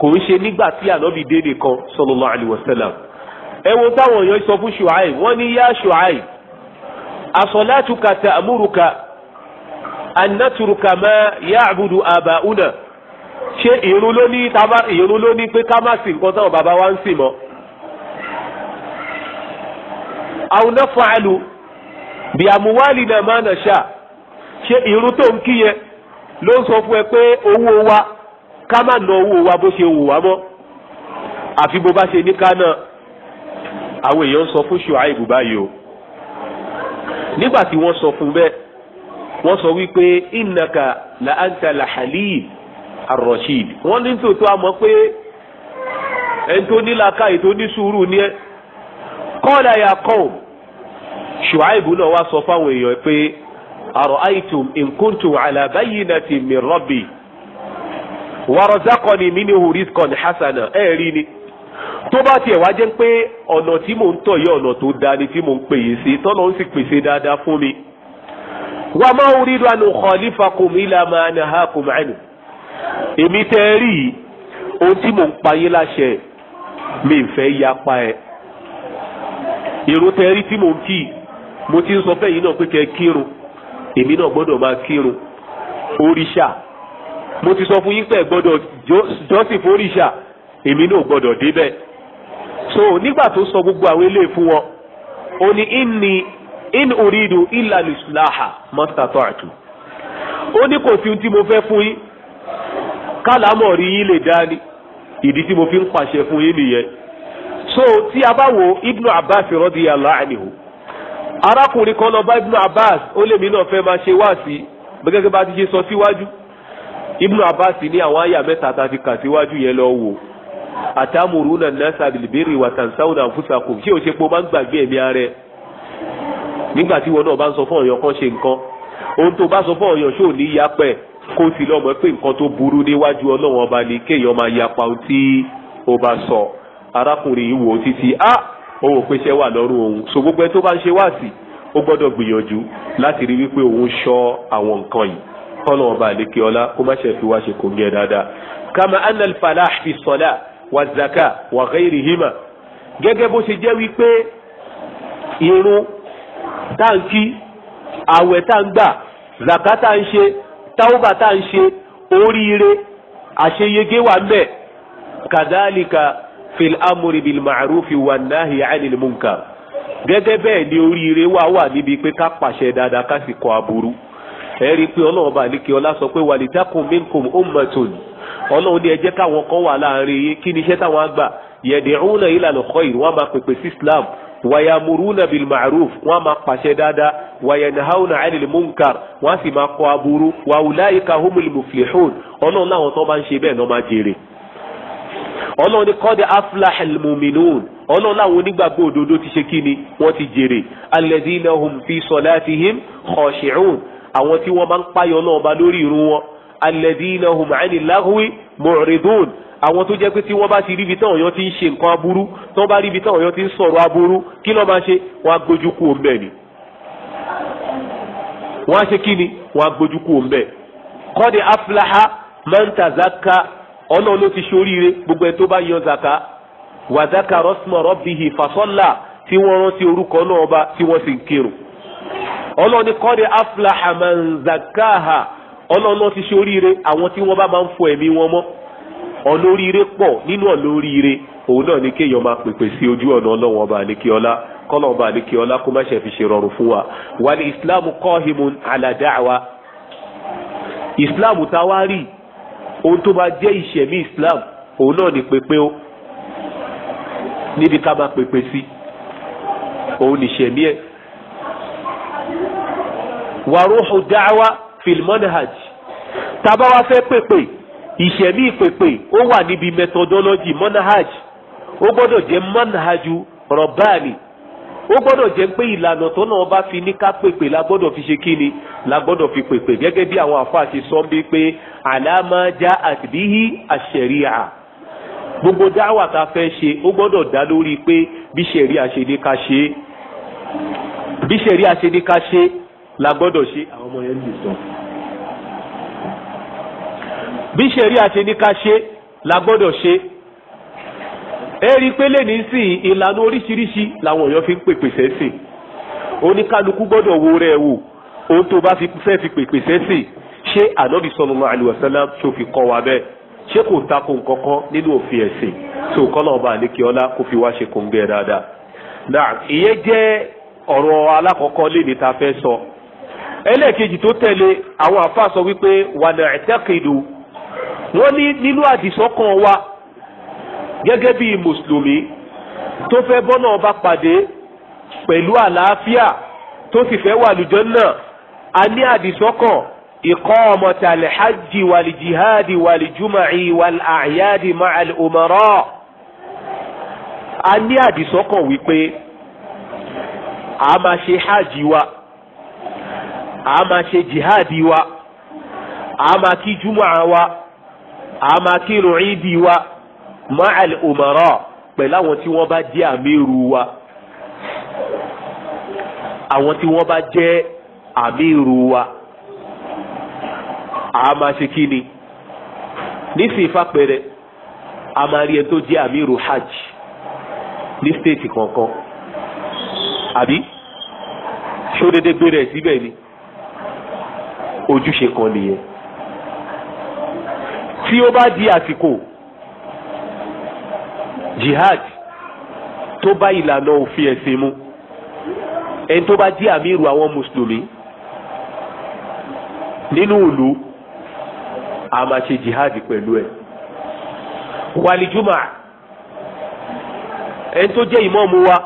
kò ń ṣe nígbà tí ànábì dé nìkan sallallahu alaihi wasallam ẹ wo táwọn èèyàn sọ fún ṣùháì wọ́n ní yá ṣùháì asọ̀látùkà tààmúrùkà ànátùrùkà máa yá àbùdù àbàúnà ṣé ìrun ló ní tábà ìrun ló ní pé ká má sìn nǹkan táwọn bàbá wa ń sìn mọ́. àwọn ká má ná owó wa bó ṣe wù wá mọ́ àfi bó bá ṣe ní ká náà àwọn èèyàn sọ fún Ṣuaibu báyìí o nígbà tí wọ́n sọ fún bẹ́ẹ̀ wọ́n sọ wípé ìnàkà là á ń ta làhálì àròṣìd wọ́n ní tòótọ́ àmọ́ pé ẹni tó ní làákàyè tó ní sùúrù ni ẹ kọ́ọ̀lá yà kọ́ Ṣuaibu náà wá sọ fáwọn èèyàn pé àrò àìtùm in kuntum ala bayyinatin min warazakoni minhu rizqan hasana ẹ rí ni tó bá tiẹ̀ wá jẹ́ pé ọ̀nà tí mò ń tọ̀ yẹ ọ̀nà tó da ni tí mò ń pè sí tọ́lọ́ ń sì pèsè dáadáa fún mi. wa ma uridu an ukhalifakum ila ma nahakum anhu. èmi tẹ́ ẹ rí ohun tí mò ń pa láṣẹ mi ń fẹ́ yapa ẹ̀. irun tẹ́ ẹ rí tí mò ń kí mo ti ń sọ fẹ́yìn náà pé kẹ́ kírun èmi náà gbọ́dọ̀ máa kírun òrìṣà mo ti sọ fún yín pé gbọ́dọ̀ jọ́sìn foríṣà èmi náà gbọ́dọ̀ débẹ̀ so nígbà tó sọ gbogbo àwọn eléyìí fún wọn ó ní inni in uridu illa lislaha mastata'tu ó ní kò sí ohun tí mo fẹ́ fún yín kálámọ̀ rí yín lè dání ìdí tí mo fi ń pàṣẹ fún yín nìyẹn so tí a bá wo ibnu abbas radiyallahu anhu arákùnrin kan lọ bá ibnu abbas ó lèmi náà fẹ́ máa ṣe wáàsí gẹ́gẹ́ bá ti ṣe sọ síwájú. Si ibnu abbas ní àwọn àyà mẹ́ta tá a ti kà síwájú yẹn lọ wò àtàmùrù náà nasa bilibiri wàtànsáwùn àfúsàkùn ṣé o ṣe pé o máa ń gbàgbé ẹ̀mí ara ẹ nígbà tí wọn náà bá ń sọ fún ọ̀yàn kan ṣe nǹkan ohun tó bá sọ fún ọ̀yàn ṣó ní yapẹ̀ kó sì lọ́mọ pé nǹkan tó burú níwájú ọlọ́wọ́n ọba ni kéèyàn máa yapa ohun tí ó bá sọ arákùnrin yìí títí á òun ò pé iṣẹ́ wà lọ́rùn òun so gbogbo ẹ tó bá ń ṣe wáàsì ó gbọ́dọ̀ gbìyànjú láti rí wípé òun ṣọ́ àwọn nǹkan yìí kọ́lọ̀ ọba àdékè ọlá kó má ṣe fi wá ṣe kò gẹ̀ dáadáa. kama anal falah fi sọlá wa zaka wa ghairi hima gẹ́gẹ́ bó ṣe jẹ́ wípé irun táǹkì àwẹ̀ táǹgbà zaka táǹṣe táwùbà táǹṣe oríire àṣeyege wà ń bẹ kadhalika fil amuri bil ma'rufi wa nahi anil munkar gẹ́gẹ́ bẹ́ẹ̀ ni oríire wà wà níbi pé ká pàṣẹ dáadáa ká sì kọ̀ aburú ẹ rí i pé ọlọ́run bá ní kí ọlá sọ pé walitakun minkum ummatun ọlọ́run ní ẹ jẹ́ káwọn kan wà láàrin yín kí ni iṣẹ́ táwọn á gbà yad'una ila al-khayr wọ́n máa pèpè sí islam wayamuruna bil ma'ruf wọ́n máa pàṣẹ dáadáa wayanhauna 'anil munkar wọ́n sì máa kọ́ aburú wa ulaika humul muflihun ọlọ́run láwọn tó máa ń ṣe bẹ́ẹ̀ ọlọ́run ní qad aflaha al-mu'minun ọlọ́run láwọn onígbàgbọ́ òdodo ti ṣe kí ni wọ́n ti jèrè alladhina hum fi salatihim khashi'un àwọn tí wọ́n máa ń páyọ náà ba lórí irun wọn alladhina hum ani lahwi mu'ridun àwọn tó jẹ́ pé tí wọ́n bá ti ríbi táwọn èèyàn ti ń ṣe nǹkan aburú tí wọ́n bá ríbi táwọn èèyàn ti ń sọ̀rọ̀ aburú kí ló máa ṣe wọ́n á gbójú kú òun bẹ́ẹ̀ ni wọ́n á ṣe kí ni wọ́n á gbójú kú òun bẹ́ẹ̀ qad aflaha man tazakka ló ti ṣoríire gbogbo ẹ̀ tó bá yan zaka wa zakara isma rabbihi tí wọ́n rántí orúkọ náà ọba tí wọ́n sì ń kírun ọlọ́ni kọ́ni aflaha man zakaha ọlọ́nà ti ṣe oríire àwọn tí wọ́n bá máa ń fọ ẹ̀mí wọn mọ́ ọ̀nà oríire pọ̀ nínú ọ̀nà oríire òun náà ní kéèyàn máa pèpè sí ojú ọ̀nà ọlọ́wọ́n ọba àlékíọ́lá kọ́lọ̀ ọba àlékíọ́lá kó má ṣe fi ṣe rọrùn fún wa wà ní ìsìláàmù qahimun ala da'wa ìsìláàmù tá a wá rí ohun tó bá jẹ́ ìṣẹ̀mí ìsìláàmù òun náà ní pèpè ó níbi ká máa pèpè sí òun níṣẹ̀mí ẹ̀ wàrúhù dáwà fìlmọ́nhàj tábà wá fẹ́ pèpè ìṣẹ̀mí ìpèpè ó wà níbi methodology mọ́nhàj ó gbọ́dọ̀ jẹ́ mọ́nhàjú rọ̀báàni ó gbọ́dọ̀ jẹ́ pé ìlànà tó náà bá fi ní ká pèpè la gbọ́dọ̀ fi ṣe kíni la gbọ́dọ̀ fi pèpè gẹ́gẹ́ bí àwọn àfáà ti sọ bí pé àlámájá àtìbíhí àṣẹríà gbogbo dáwà tá a ṣe ó gbọ́dọ̀ dá lórí pé bí ṣẹ̀ríà ṣe ní ká ṣe bí ṣẹ̀ríà ṣe ní ká ṣe la gbọ́dọ̀ ṣe àwọn ọmọ yẹn lè sọ. bí ṣẹ̀rí àti ní ká ṣe la gbọ́dọ̀ ṣe ẹ rí i pé lè ní sìn ìlànà oríṣiríṣi làwọn èèyàn fi ń pèpè sẹ́sìn oníkálukú gbọ́dọ̀ wo rẹ̀ wò ohun tó bá fẹ́ fi pèpè sẹ́sìn ṣé ànábì sallallahu alaihi wasallam tó fi kọ́ wa bẹ́ẹ̀ ṣé kò tako nǹkan kan nínú òfin ẹ̀sìn tó kọ́nà ọba àlékè ọlá kó fi wá ṣe kóńgẹ́ dáadáa. náà ìyẹn jẹ́ ọ̀rọ̀ alákọ̀ọ́kọ́ lè ní ta fẹ́ sọ ẹlẹ́ẹ̀kejì tó tẹ̀lé àwọn àfáà sọ wípé wàlẹ ẹtẹkẹdù wọn ní nínú àdìsọ́kàn wa gẹ́gẹ́ bíi mùsùlùmí tó fẹ́ bọ́nà ọba pàdé pẹ̀lú àlàáfíà tó sì fẹ́ wà lùjọ́ náà a ní àdìsọ́kàn ìkọ́mọ̀tà alhaji wàlìjihadi wàlìjúmọ̀ì wàlàyádi ma'al umara. a ní àdìsọ́kàn wípé a máa ṣe hajj wa a máa ṣe jihadi wa a máa kí jumu'a wa a máa kí rùcídì wa ma'al umara pẹ̀lú àwọn tí wọ́n bá jẹ́ àmírù wa àwọn tí wọ́n bá jẹ́ àmírù wa a máa ṣe kí ni nísìnyí fapẹ̀rẹ̀ a rí ẹ tó jẹ́ àmírù hajj ní stéètì kọ̀ọ̀kan àbí ṣó dédé gbé rẹ̀ síbẹ̀ ni ojúṣe kan nìyẹn tí ó bá di àsìkò jihad tó bá ìlànà òfin ẹ̀sìn mu ẹni tó bá di àmírù àwọn mùsùlùmí nínú ìlú a máa ṣe jihad pẹ̀lú ẹ̀ wàlíjúmọ̀ ẹni tó jẹ́ ìmọ̀ọ́mù wa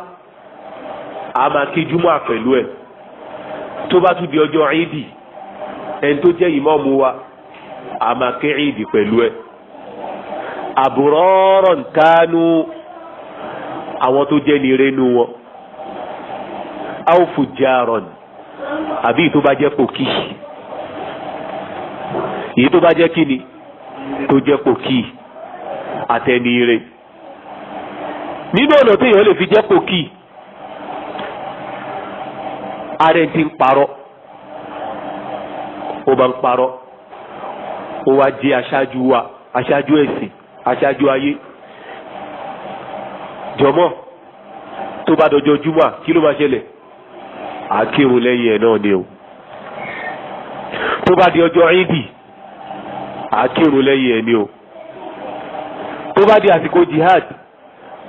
a máa kí júmọ̀ pẹ̀lú ẹ̀ tó bá tún di ọjọ́ ìdí ẹni tó jẹ́ ìmọ̀ọ́mù wa a máa ké ìdì pẹ̀lú ẹ̀ àbúrọ́rọ̀ nkánú àwọn tó jẹ́ ní rẹ́nu wọn áwòfù jaron àbí èyí tó bá jẹ́ pòkì èyí tó bá jẹ́ kíni tó jẹ́ pòkì àtẹni rẹ̀ nínú ọ̀nà téèyàn lè fi jẹ́ pòkì ààrẹ ti ń parọ́ ó máa ń parọ́ ó wá jẹ́ aṣáájú wa aṣáájú ẹ̀sìn aṣáájú ayé jọmọ́ tó bá dọjọ́ júmọ́ kí ló máa ṣẹlẹ̀ àkírun lẹ́yìn ẹ̀ náà ni o tó bá di ọjọ́ ìdì àkírun lẹ́yìn ẹ̀ ni o tó bá di àsìkò jihad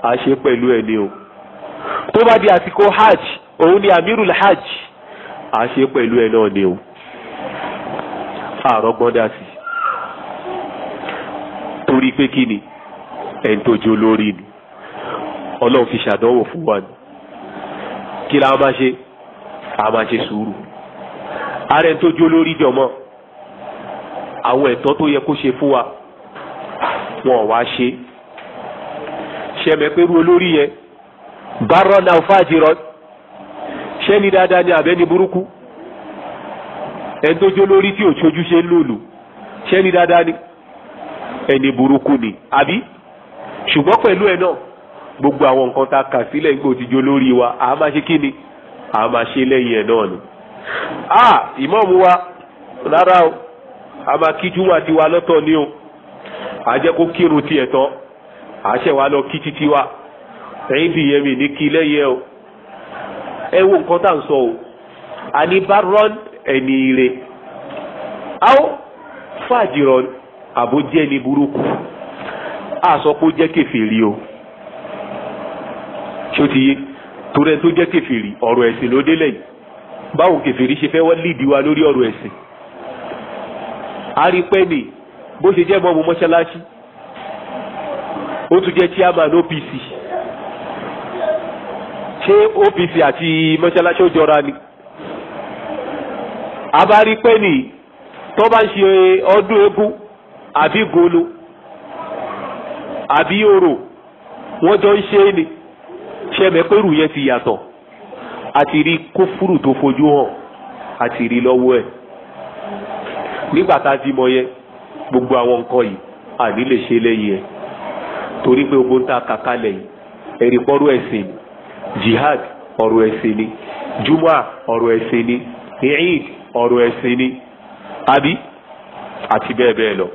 àṣe pẹ̀lú ẹ̀ ni o tó bá di àsìkò hajj òun ni amirul hajj àṣe pẹ̀lú ẹ̀ náà ni o àrọ́gbọ́n dá sí torí pé kí ni ẹni tó jó lórí ni ọlọ́run fi ṣàdánwò fún wa ni kí la máa ṣe a máa ṣe sùúrù ara ẹni tó jó lórí jọmọ́ àwọn ẹ̀tọ́ tó yẹ kó ṣe fún wa wọn ò wá ṣe ṣẹmẹ pẹ̀lú olórí yẹn bá rọ́nà fájì rọ ṣẹ́ni dáadáa ni àbẹ́ni burúkú ẹni tó jó lórí tí òṣojú ṣe ń lòlù ṣẹ́ni dáadáa ni ẹni burúkú ni àbí ṣùgbọ́n pẹ̀lú ẹ náà gbogbo àwọn nǹkan tá a kà sílẹ̀ nígbà òtijọ́ lórí wa àá máa ṣe kí ni àá máa ṣe lẹ́yìn ẹ̀ náà ni. a ìmọ̀ọ́mù wa rárá o a máa kí júmọ̀ tiwa lọ́tọ̀ ni o a jẹ́ kó kírun tiẹ̀ tán a ṣẹ̀ wá lọ kí títí wa ẹ̀yìn bí yẹn mi ní kí lẹ́yìn ẹ o ẹ wo nǹkan tá à ń sọ o àní bá rọ́ọ̀nù ẹni ire áwọ fàjìrọ àbójẹ́ ẹni burúkú àsọpọ̀ jẹ́ kèfèrí o ṣó ti yé torí ẹni tó jẹ́ kèfèrí ọ̀rọ̀ ẹ̀sìn ló délẹ̀ yìí báwo kèfèrí ṣe fẹ́ wọ́n lídìí wa lórí ọ̀rọ̀ ẹ̀sìn a rí pẹ́ ni bó ṣe jẹ́ mọ́mú mọ́ṣáláṣí ó tún jẹ́ chairman OPC ṣé OPC àti mọ́ṣáláṣí ó jọra ni abárí pé nìyí tó bá ń ṣe ọdún eégún àbí golo àbí orò wọ́n jọ ń ṣe é ni ṣẹ́mi pé rù yẹn ti yàtọ̀ àti rí kófúrù tó fojú hàn àti rí lọ́wọ́ ẹ̀ nígbà tá a ti mọ yẹn gbogbo àwọn nǹkan yìí àní lè ṣe lẹ́yìn ẹ̀ torí pé ogun tá a kà kalẹ̀ yìí ẹ̀rí pọ́rọ́ ẹ̀sìn jihad ọ̀rọ̀ ẹ̀sìn ni juma ọ̀rọ̀ ẹ̀sìn ni eid ọ̀rọ̀ ẹ̀sìn ni àbí àti bẹ́ẹ̀ bẹ́ẹ̀ lọ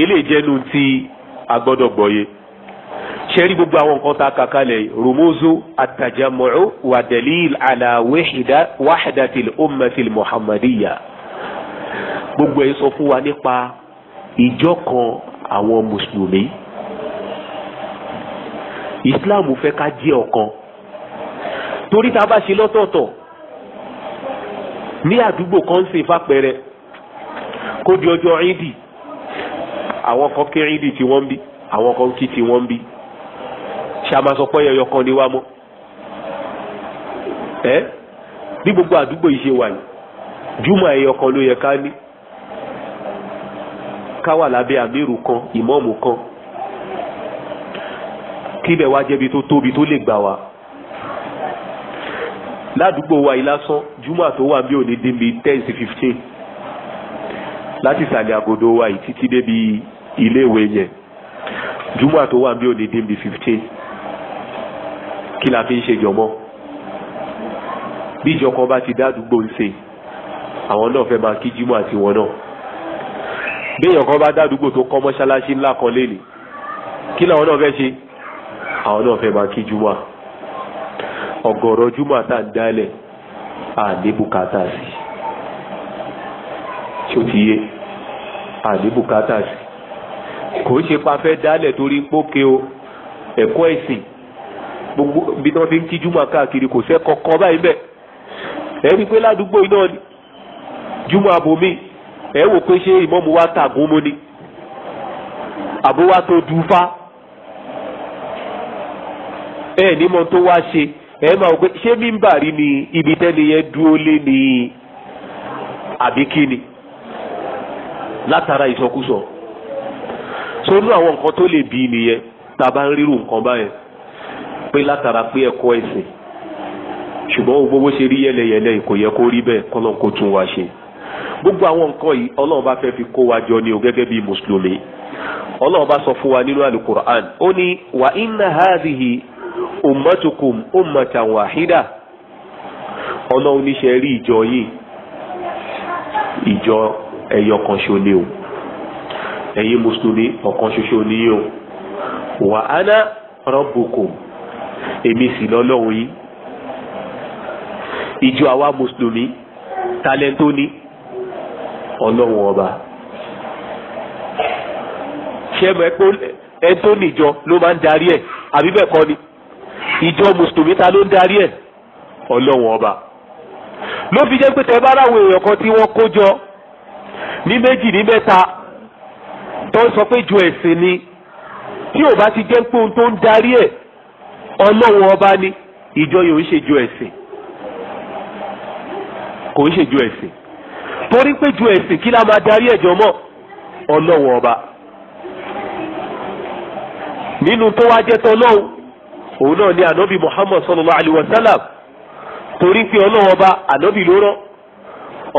eléyìí jẹ́nu tí a gbọ́dọ̀ gbọ́yé ṣẹ́rí gbogbo àwọn nǹkan tá a kà kalẹ̀ rumuzu atajamu'u wa dalil ala wahidatil ummatil muhammadiya gbogbo ẹ̀ sọ fún wa nípa ìjọ kan àwọn mùsùlùmí islam fẹ́ ká jẹ́ ọ̀kan torí tá bá ṣe lọ́tọ̀ọ̀tọ̀ ní àdúgbò kan ń ṣe fàpẹrẹ kó di ọjọ́ ìdì àwọn kan kí ìdì tí wọ́n ń bí àwọn kan kí tí wọ́n ń bí ṣàmásọpọ̀ ẹyọ kan ni wá mọ́ ẹ bí gbogbo àdúgbò yìí ṣe wà yìí júmọ̀ ẹyọ kan ló yẹ ká ní ká wà lábẹ́ àmírù kan ìmọ̀ọ̀mù kan kíbẹ̀ wá jẹ́bi tó tóbi tó lè gbà wá ládùúgbò wa yìí juma tó wà bí òní débi ten sí fifteen láti sàlẹ̀ àgọ́dọ̀ wa yìí títí débi iléèwé yẹn juma tó wà bí òní débi fifteen kí la fi ń ṣe jọmọ́ bí ìjọkan bá ti dádúgbò ń ṣe àwọn náà fẹ́ máa kí juma àti wọn náà bí èèyàn kan bá dádúgbò tó kọ́ mọ́ṣáláṣí ńlá kan lé kí làwọn náà fẹ́ ṣe àwọn náà fẹ́ máa kí juma ọ̀gọ̀rọ̀ juma tá à ń dálẹ̀ àdébùkátà sí tí ó ti yé àdébùkátà sí kò ń ṣe pa fẹ́ dálẹ̀ torí pókè o ẹ̀kọ́ ẹ̀sìn gbogbo bí wọ́n fi ń kíjú mọ́ káàkiri kò sẹ́ kọ̀ọ̀kan báyìí bẹ́ẹ̀ ẹ rí i pé ládùúgbò iná ni júmọ̀ àbòmí ẹ wò pé ṣé ìmọ̀mù wa tàgún mú ni àbó tó dùn fa ẹ ní mọ tó wá ṣe ẹ máa gbé ṣé ni ibi tẹ́ni yẹn dúró lé ní àbí látara ìsọkúsọ sórí àwọn nǹkan tó lè bí nìyẹn tá a bá ń rírun nǹkan báyẹn pé látara pé ẹ̀kọ́ ẹ̀sìn ṣùgbọ́n o gbogbo ṣe rí yẹlẹyẹlẹ kò yẹ kó rí bẹ́ẹ̀ kọ́lọ́n kó gbogbo àwọn nǹkan yìí ọlọ́run bá fi kó wa jọ ni o gẹ́gẹ́ bí mùsùlùmí ọlọ́run sọ fún wa nínú ummatukum ummatan wahida ọ̀nà oníṣẹ́ rí ìjọ yìí ìjọ ẹ̀yọ kan ṣo ni o ẹ̀yin mùsùlùmí ọ̀kan ṣoṣo ni o wa ana rabbukum èmi sì lọ́lọ́run yìí ìjọ àwa mùsùlùmí talento ni ọlọ́run ọba ṣé ẹ níjọ ló máa ń darí ẹ̀ àbí kọ́ ni ìjọ mùsùlùmí ta ló ń darí ẹ̀ ọlọ́wọ́n ọba ló fi jẹ́ pé tẹ bá ráwọn èèyàn kan tí wọ́n kó jọ ní méjì ní mẹ́ta tó ń sọ pé ju ẹ̀sìn ni tí ò bá ti jẹ́ pé ohun tó ń darí ẹ̀ ọlọ́wọ́n ọba ni ìjọ yìí ò ń ṣe ju ẹ̀sìn kò ń ṣe ju ẹ̀sìn torí pé ju ẹ̀sìn kí la máa darí ẹ̀jọ̀ mọ́ ọlọ́wọ́n ọba nínú tó wá jẹ́ tọ́lọ́hùn òun náà ni ànábì muhammad sallallahu alayhi wa sallam torí pé ọlọ́wọ́ bá ànábì ló rán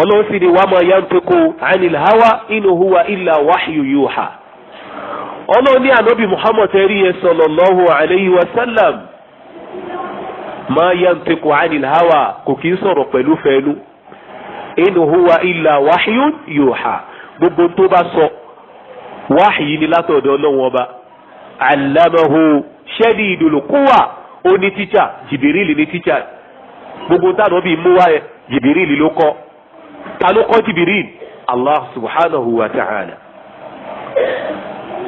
ọlọ́wọ́ sì ni wàá máa yá ń peko anil hawa in huwa illa wahyu yuha ọlọ́wọ́ ní ànábì muhammad ẹ̀rí yẹn sallallahu alayhi wa sallam máa yá ń peko anil hawa kò kí ń sọ̀rọ̀ pẹ̀lú fẹ́ẹ́nu in huwa illa wahyu yuha gbogbo tó bá sọ wáhìí ni látọ̀dọ̀ ọlọ́wọ́ bá alamahu ṣẹ́ni ìdòlòkúwà ó ní tíṣà jìbìrìlì ní tíṣà gbogbo táwọn bíi mú wáyẹ jìbìrìlì ló kọ́ ta ló kọ́ jìbìrìlì allah subhanahu wa ta'ala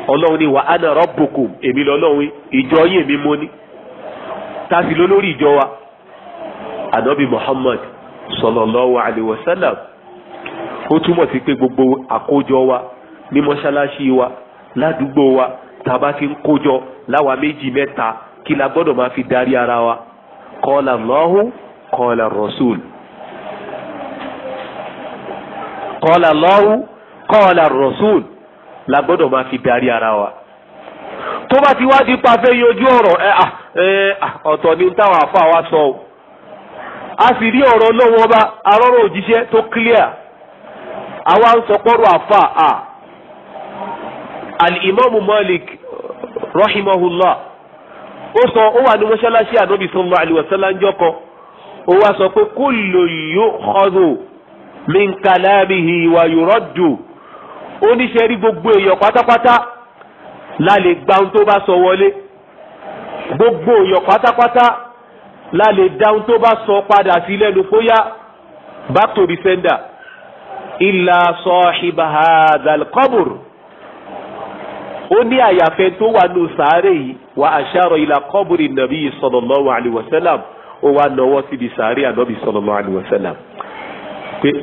ọlọ́run ni wa ana rabbukum èmi lọ́lọ́run ìjọ yín èmi mo ní ta sì ló lórí ìjọ wa anabi muhammad sallallahu alayhi wa sallam ó túmọ̀ sí pé gbogbo àkójọ wa ní mọ́ṣáláṣí wa ládùúgbò wa tàbá ti ń kójọ láwa méjì mẹ́ta kí la gbọ́dọ̀ máa fi darí ara wa kọ́ọ̀là lọ́hùn kọ́ọ̀là rọ̀ṣùl kọ́ọ̀là lọ́hùn kọ́ọ̀là rọ̀ṣùl la gbọ́dọ̀ máa fi darí ara wa tó bá ti wá di pàfẹ́ yanjú ọ̀rọ̀ ẹ ọ̀tọ̀ ni táwọn afa wa sọ o a sì rí ọ̀rọ̀ lọ́wọ́ bá arọ́rọ̀ òjíṣẹ́ tó clear àwa ń sọ pọ́rọ̀ afa a. Ah al-imaamu malik rahimahullah ó sọ ó wà ní mọ́ṣáláṣí ànábì sallallahu alaihi wasallam kan ó wá sọ pé kullu yukhadhu min kalamihi wa yuraddu ó ní ṣe rí gbogbo èèyàn pátápátá la lè gba ohun tó bá sọ wọlé gbogbo èèyàn pátápátá la lè tó bá sọ padà sí lẹ́nu bóyá back to the sender illa sahiba hadhal ó ní àyàfẹ́ tó wà ní sàárè yìí wà àṣàrò ìlà kọ́bùrì nàbí sallallahu alaihi wasallam ó wà nọwọ́ síbi sàárè ànábì sallallahu alaihi wasallam.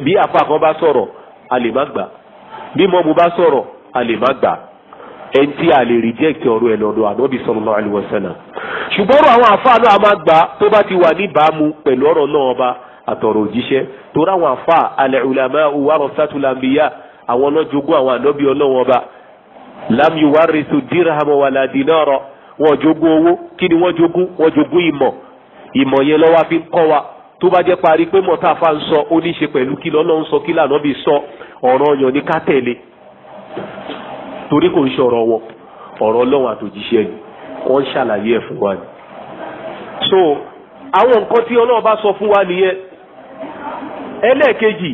bí afa kan bá sọ̀rọ̀ a lè má gbà bí mọ́mu bá sọ̀rọ̀ a lè má gbà ẹni tí a lè rìjẹ́kì ọ̀rọ̀ ẹ̀ lọ́dọ̀ ànábì sallallahu alaihi wasallam. ṣùgbọ́n àwọn àfa náà máa gbà tó bá ti wà lam yuwarisu dirhama wala dinara wọn jogún owó kí ni wọ́n jogún wọ́n jogún ìmọ̀ yẹn fi kọ wa tó bá jẹ́ parí pé mọ̀tá ń sọ ó ní í ṣe pẹ̀lú kí ń sọ kí lànà bí sọ ọyàn ní ká tẹ̀lé torí kò ń ṣe wọn ọ̀rọ̀ ọlọ́run àtòjíṣẹ́ ni wọ́n ṣàlàyé fún ni. so àwọn nǹkan tí ọlọ́run bá sọ fún wa nìyẹn ẹlẹ́ẹ̀kejì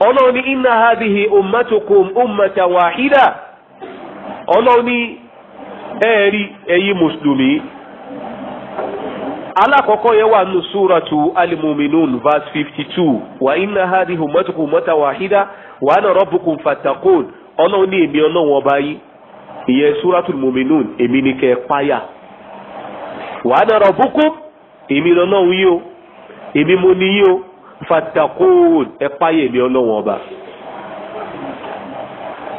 keji ní ina ummatukum wahida ọlọ́run ní ẹ̀ẹ́rí ẹ̀yin mùsùlùmí alákọ̀ọ́kọ́ yẹn wà nù súratu alimuminun verse fifty two wà iná hadi humatuku mọ́ta wàhídá wà á nà rọ́bùkún fatakun ọlọ́run ní ọba yìí ìyẹn súratu alimuminun èmi ni kẹ́ ẹ páyà wà á ọba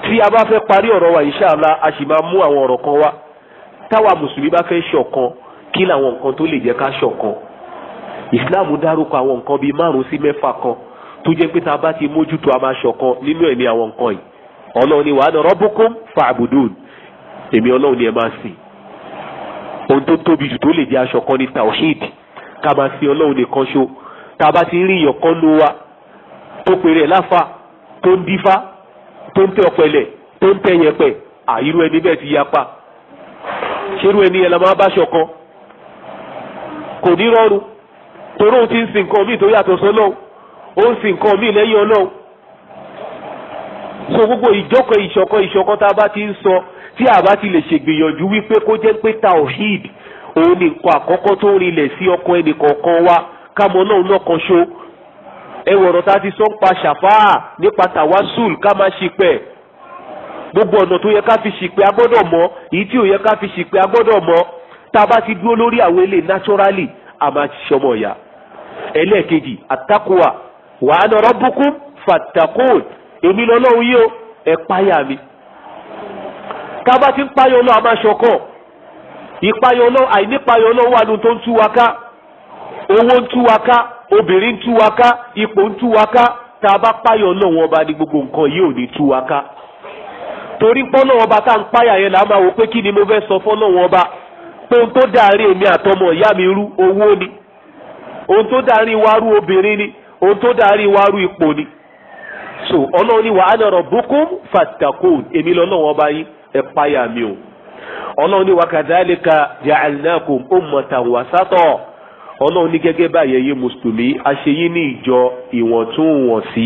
tí a bá fẹ́ parí ọ̀rọ̀ wa inshallah a sì máa mú àwọn ọ̀rọ̀ kan wá táwa mùsùlùmí bá fẹ́ ṣọ̀kan kí làwọn nǹkan tó lè jẹ́ ká ṣọ̀kan ìsìláàmù dárúkọ àwọn nǹkan bíi márùn sí mẹ́fà kan tó jẹ́ pé tá bá ti mójútó a máa ṣọ̀kan nínú ẹ̀mí àwọn nǹkan yìí ọlọ́run ni wàá nà fa fa'budun èmi ọlọ́run ni ẹ máa sìn ohun tó tóbi jù tó lè jẹ́ aṣọ̀kan ní tawhid ká máa sìn ọlọ́run nìkan ṣo tá bá ti rí ìyọ̀kan ló wa tó pèrè láfa tó ń dífá tó ń tẹ ọ̀pẹ̀lẹ̀ tó ń tẹ yẹ̀pẹ̀ àìrú ẹni bẹ́ẹ̀ ti yapa ṣerú ẹni yẹn la máa bá ṣọkan kò ní rọrùn torí òun ti ń sin nǹkan míì tó yàtọ̀ sọ́lọ́hún ó ń sin nǹkan míì lẹ́yìn ọlọ́hún so gbogbo ìjọkọ ìṣọkọ ìṣọkọ tá a bá ti ń sọ tí a bá ti lè ṣègbìyànjú wípé kó jẹ́ pé tawhid òun nìkan àkọ́kọ́ tó rinlẹ̀ sí ọkàn ẹnìkọ̀ọ̀kan wa kámọ́ náà náà kan ṣo ẹwọ̀rọ̀ tá a ti sọ ń pa ṣàfáà nípa tàwásùl ká máa ṣìpẹ̀ gbogbo ọ̀nà tó yẹ ká fi ṣìpẹ̀ a gbọ́dọ̀ mọ̀ èyí tí ò yẹ ká fi ṣìpẹ̀ a gbọ́dọ̀ mọ̀ tá a bá ti dúró lórí àwọn eléyìí naturally a máa ti ṣọmọ ìyá ẹlẹ́ẹ̀kejì àtàkùwà wàá nà rabbukum fàtàkùn èmi lọ́lọ́run yìí o ẹ páyà mi tá a bá ti ń páyà ọlọ́ a máa ṣọkàn ìpáyà ọlọ́ àìnípáyà wa ká owó ń tú obìnrin ń tú wa ká ipò ń tú wa ká tá a bá páyọ̀ ọlọ́run ọba ni gbogbo nǹkan yìí ò ní tú wa ká torí pọ́nà ọba tá à páyà yẹn là á ni mo fẹ́ sọ ọba pé ni ohun tó dàárín wa rú obìnrin ni so ọlọ́run ni wàá nọ̀rọ̀ bukum fatakun èmi lọ́lọ́run ọba yín páyà mi o ọlọ́run ni ọlọ́run ní gẹ́gẹ́ báyẹn yé mùsùlùmí a ṣe yín ní ìjọ ìwọ̀ntúnwọ̀nsí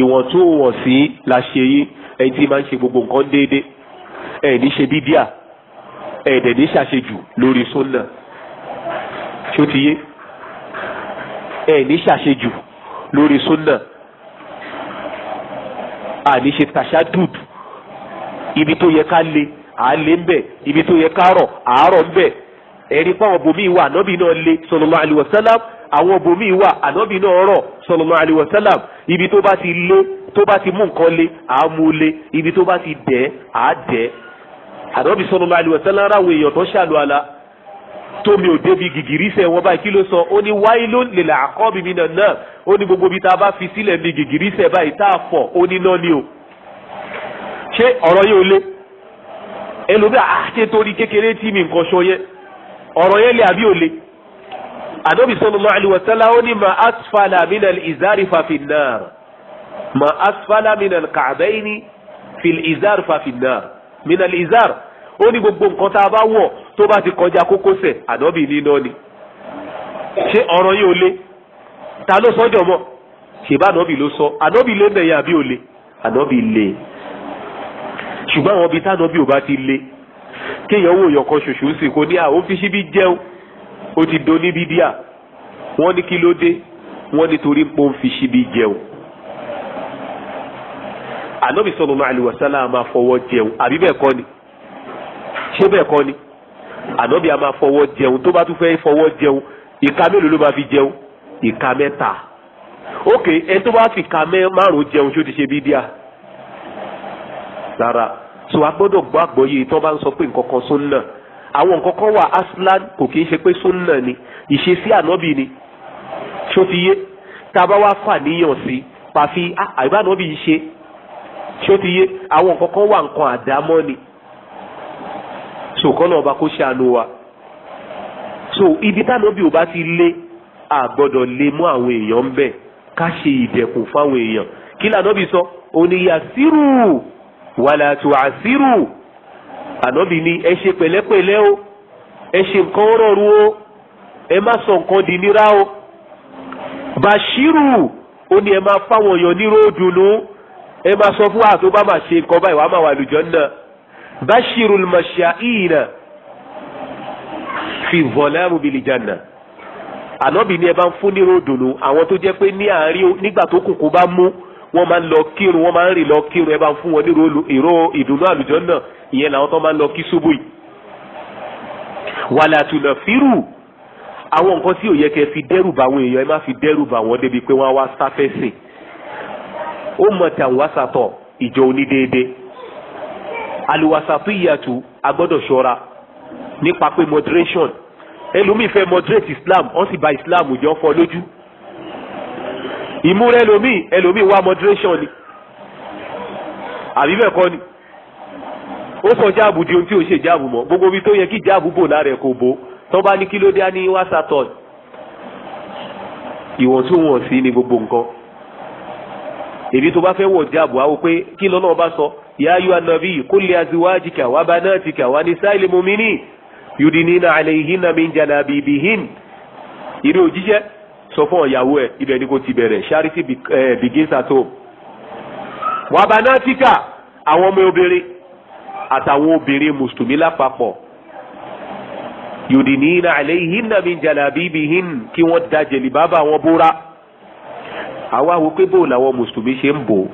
ìwọ̀ntúnwọ̀nsí la ṣe yín ẹni tí máa ń ṣe gbogbo nǹkan déédé ẹ̀ ní ṣe bídíà ẹ̀ dẹ̀ ní ṣàṣejù lórí súnà ṣé ó ti yé ẹ̀ ní ṣàṣejù lórí súnà àní ṣe tàṣádùd ibi tó yẹ ká le à á lé ń bẹ̀ ibi tó yẹ ká rọ̀ àárọ̀ ń bẹ̀ ẹ̀rí pa àwọn bòmíì wà ànábì náà lé sallallahu alaihi wasallam àwọn bòmíì wà ànábì náà rọ̀ sallallahu alaihi wasallam ibi tó bá ti lé tó bá ti mú nǹkan lé àá mú lé ibi tó bá ti dẹ̀ àá dẹ̀ ànábì sallallahu alaihi wasallam èèyàn tó ṣàlù àlà tómi ò débi gìgìrísẹ̀ wọn báyìí kí ló sọ ó ní wailun lil aqabi minan nar ó ní gbogbo ibi tá a bá fi sílẹ̀ ní gìgìrísẹ̀ báyìí tá a fọ̀ ó ní náà ni o ṣé ọ̀rọ̀ yóò lé ẹlòmíà àti ah, torí kékeré tí mi nǹkan ṣọ yẹn ọ̀rọ̀ yẹn lé àbí òle ànábì sallallahu alaihi wasallam ó ní ma asfala minal izari fàfin náà ma asfala minal ka'bayni fil izar fàfin náà minal izar ó ní gbogbo nǹkan tá a bá wọ̀ tó bá ti kọjá kókósẹ̀ ànábì níná ni ṣé ọ̀rọ̀ yẹn òle ta ló sọ́jọ́ mọ́ ṣèbá ànábì ló sọ ànábì lé mẹ́yà àbí òle ànábì lé ṣùgbọ́n àwọn ibi tá ànábì ò bá ti lé kéèyàn wò yọkan ṣoṣo sì kó ní àwọn fi síbi jẹun ó ti do níbi díà wọ́n ní kí ló dé wọ́n nítorí pé ó ń fi síbi jẹun. ànábì sallallahu alaihi wasallam máa fọwọ́ jẹun àbí bẹ́ẹ̀ kọ́ ni ṣé bẹ́ẹ̀ kọ́ ni ànábì a máa fọwọ́ jẹun tó bá tún fẹ́ fọwọ́ jẹun ìka mélòó ló máa fi jẹun ìka mẹ́ta ok ẹ tó bá fi ìka márùn-ún jẹun ṣó ti ṣe bí díà rárá so a gbọ́dọ̀ gbọ́ àgbọ́yé tó bá ń sọ pé nǹkan kan sunna àwọn nǹkan kan wà aslan kò kì í ṣe pé sunna ni ìṣesí ànábì ni ṣó ti yé tá a bá wá fà níyàn sí pàfi ah, àìbá ànábì yìí ṣe ṣó ti yé àwọn nǹkan kan wà nǹkan àdámọ́ ni so kọ́ náà ọba kó ṣàánú wa so ibi tánábì ò bá ti lé àgbọ́dọ̀ lè mú àwọn èèyàn ń bẹ̀ ká ṣe ìdẹ̀kùn fáwọn èèyàn kí lànà sọ òníyàsírù. So, wàlà tó àṣírù ànábì ni ẹ ṣe pẹ̀lẹ́pẹ̀lẹ́ o ẹ ṣe nǹkan rọrùn o ẹ má sọ nǹkan di nira o bàṣírù ó ní ẹ máa fáwọn èèyàn ní róòdù nù ẹ máa sọ fún àtó bá máa ṣe nǹkan báyìí wàá máa wà lùjọ́ náà bàṣírù màṣà ìyìnà fi zọlẹ́rù bìlì jànà ànábì ni ẹ bá ń fún ní róòdù nù àwọn tó jẹ́ pé ní àárín nígbà tó kùnkùn bá mú wọ́n máa ń lọ kírun wọ́n máa ń rìn lọ kírun ẹ bá ń fún wọn nírò ìró ìdùnnú àlùjọ náà ìyẹn làwọn tó máa ń lọ kí ṣubú yìí. wàlà àtúnà fírù àwọn nǹkan tí ò yẹ kẹ́ fi dẹ́rù bà àwọn èèyàn ẹ má fi dẹ́rù bà wọ́n débi pé wọ́n á wá sáfẹ́sì. ó mọ̀ tí àwọn wàsàtọ̀ ìjọ onídéédé àlùwàsàtọ̀ ìyàtú agbọ́dọ̀ ṣọ́ra nípa pé moderation ẹlòmíì fẹ́ moderate Islam wọ́n sì bà Islam jẹ́ fọ́ lójú ìmúra ẹlòmíì ẹlòmíì wá moderation ni àbí bẹ́ẹ̀ kọ́ ni ó sọ jáàbù di ohun tí ò ṣe jáàbù mọ́ gbogbo ibi tó yẹ kí jáàbù bò lára ẹ̀ kò bò tó bá ní kí ló dé á ní wá saturn ìwọ̀ntúnwọ̀nsí ni gbogbo nǹkan èmi tó bá fẹ́ wọ̀ jáàbù àwọn pé kí lọ́nà bá sọ ya ayu anabi kulli azwajika wa banatika wa nisa'il mu'minin yudinina alayhinna min jalabibihin ìrè òjíṣẹ́ sọ fún ìyàwó ẹ ibẹ̀ ni kò ti bẹ̀rẹ̀ charity eh, begins at home. wàbánátíkà àwọn ọmọ obìnrin àtàwọn obìnrin mùsùlùmí lápapọ̀ yudinina alayhinna min jalabibihin kí wọ́n da jẹ̀lìbábà wọn bóra. àwa wo pé bóun làwọn mùsùlùmí ṣe ń bò ó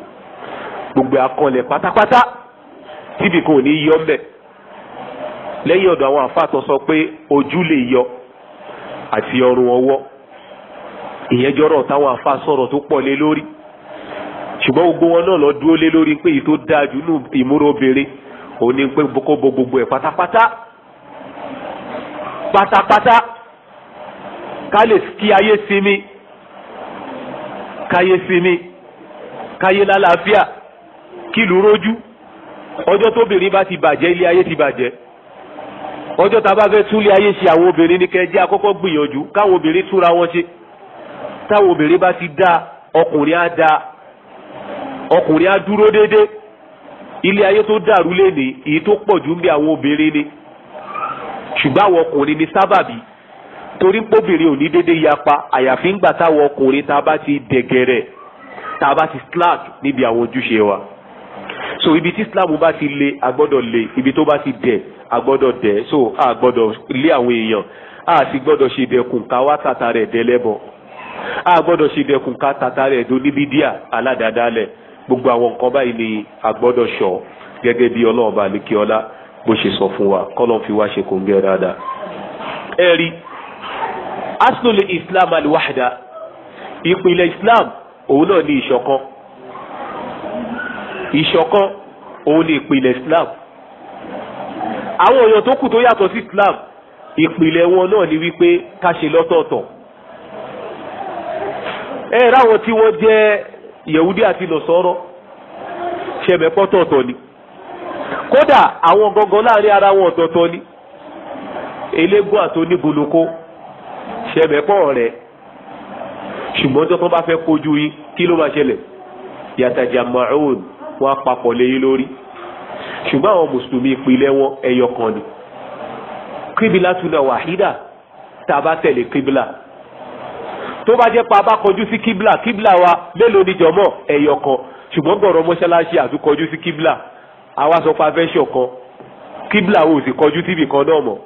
gbogbo akọlẹ̀ pátápátá tíbi kan ò ní yọ mbẹ̀ lẹ́yìn ọ̀dọ̀ àwọn àfàtọ̀ sọ pé ojú lè yọ àti ọrùn ọwọ́ ìyẹn jọrọ táwọn afa sọ̀rọ̀ tó pọ̀ lé lórí ṣùgbọ́n gbogbo wọn náà lọ dúró lé lórí pé èyí tó dáa jù nù ìmúra obìnrin òun ni pé kó bo gbogbo ẹ̀ pátápátá pátápátá ká lè kí ayé sinmi káyé sinmi káyé lálàáfíà kílù rójú ọjọ́ tóbìnrin bá ti bàjẹ́ ilé ayé ti bàjẹ́ ọjọ́ tá a bá fẹ́ tún ilé ayé ṣe àwọn obìnrin ní kẹjẹ́ àkọ́kọ́ gbìyànjú káwọn obìnrin túra wọn ṣe táwọn obìnrin bá ti dá ọkùnrin á dá ọkùnrin á dúró déédéé ilé ayé tó dàrú lénìí èyí tó pọ̀ jù ń bí àwọn obìnrin ni ṣùgbọ́n àwọn ọkùnrin ni sábàbí torí pọ́bìnrin ò ní déédéé yapa àyàfi ńgbà táwọn ọkùnrin tá a bá ti dẹ̀gẹ̀rẹ̀ tá a bá ti slack níbi àwọn ojúṣe wa so ibi tí Islam bá ti le agbọ́dọ̀ le ibi tó bá ti dẹ̀ agbọ́dọ̀ dẹ̀ so a gbọ́dọ̀ lé àwọn èèyàn a sì gbọ́dọ̀ ṣe dẹkùn káwá tàtà rẹ̀ dẹ́lẹ́bọ̀ a gbọ́dọ̀ ṣe dẹkùn ká tata rẹ̀ dó níbi díà aládàádálẹ̀ gbogbo àwọn nǹkan báyìí ni a gbọ́dọ̀ ṣọ bí ọlọ́run bá lè kí ọlá bó ṣe sọ fún wa kọ́lọ́n fi wá ṣe kò ń gẹ́ dáadáa. ẹ rí aslul islam alwahda ìpìlẹ̀ islam òun náà ní ìṣọ̀kan ìṣọ̀kan òun ní ìpìlẹ̀ islam àwọn èèyàn tó kù tó yàtọ̀ sí islam ìpìlẹ̀ wọn náà ni wípé ká ṣe lọ́tọ̀ọ̀tọ̀ ẹ ráwọn tí wọ́n jẹ́ yẹ̀wúdí àti lọ̀sọ́rọ́ ṣẹ̀mẹ̀pọ̀ tọ̀tọ̀ ni kódà àwọn gangan láàrin ara wọn ọ̀tọ̀ọ̀tọ̀ ni eléégún àti oníboloko ṣẹ̀mẹ̀pọ̀ rẹ̀ ṣùgbọ́n tó kàn bá fẹ́ kojú yín kí ló máa ṣẹlẹ̀ yàtàjà maroon wọn á papọ̀ léyìn lórí ṣùgbọ́n àwọn mùsùlùmí ìpìlẹ̀ wọn ẹyọ ni kíbílà tún wàhídà tá a bá tẹ̀lé kíbílà tó bá jẹ́ pa a bá kọjú sí kíbla kíbla wa mélòó ni jọmọ́ ẹ̀yọ̀ kan ṣùgbọ́n gbọ̀rọ̀ mọ́ṣáláṣí àtúkọjú sí kíbla àwa sọ pa fẹ́ ṣọ̀kan kíbla wo sì kọjú tíbi kan náà mọ̀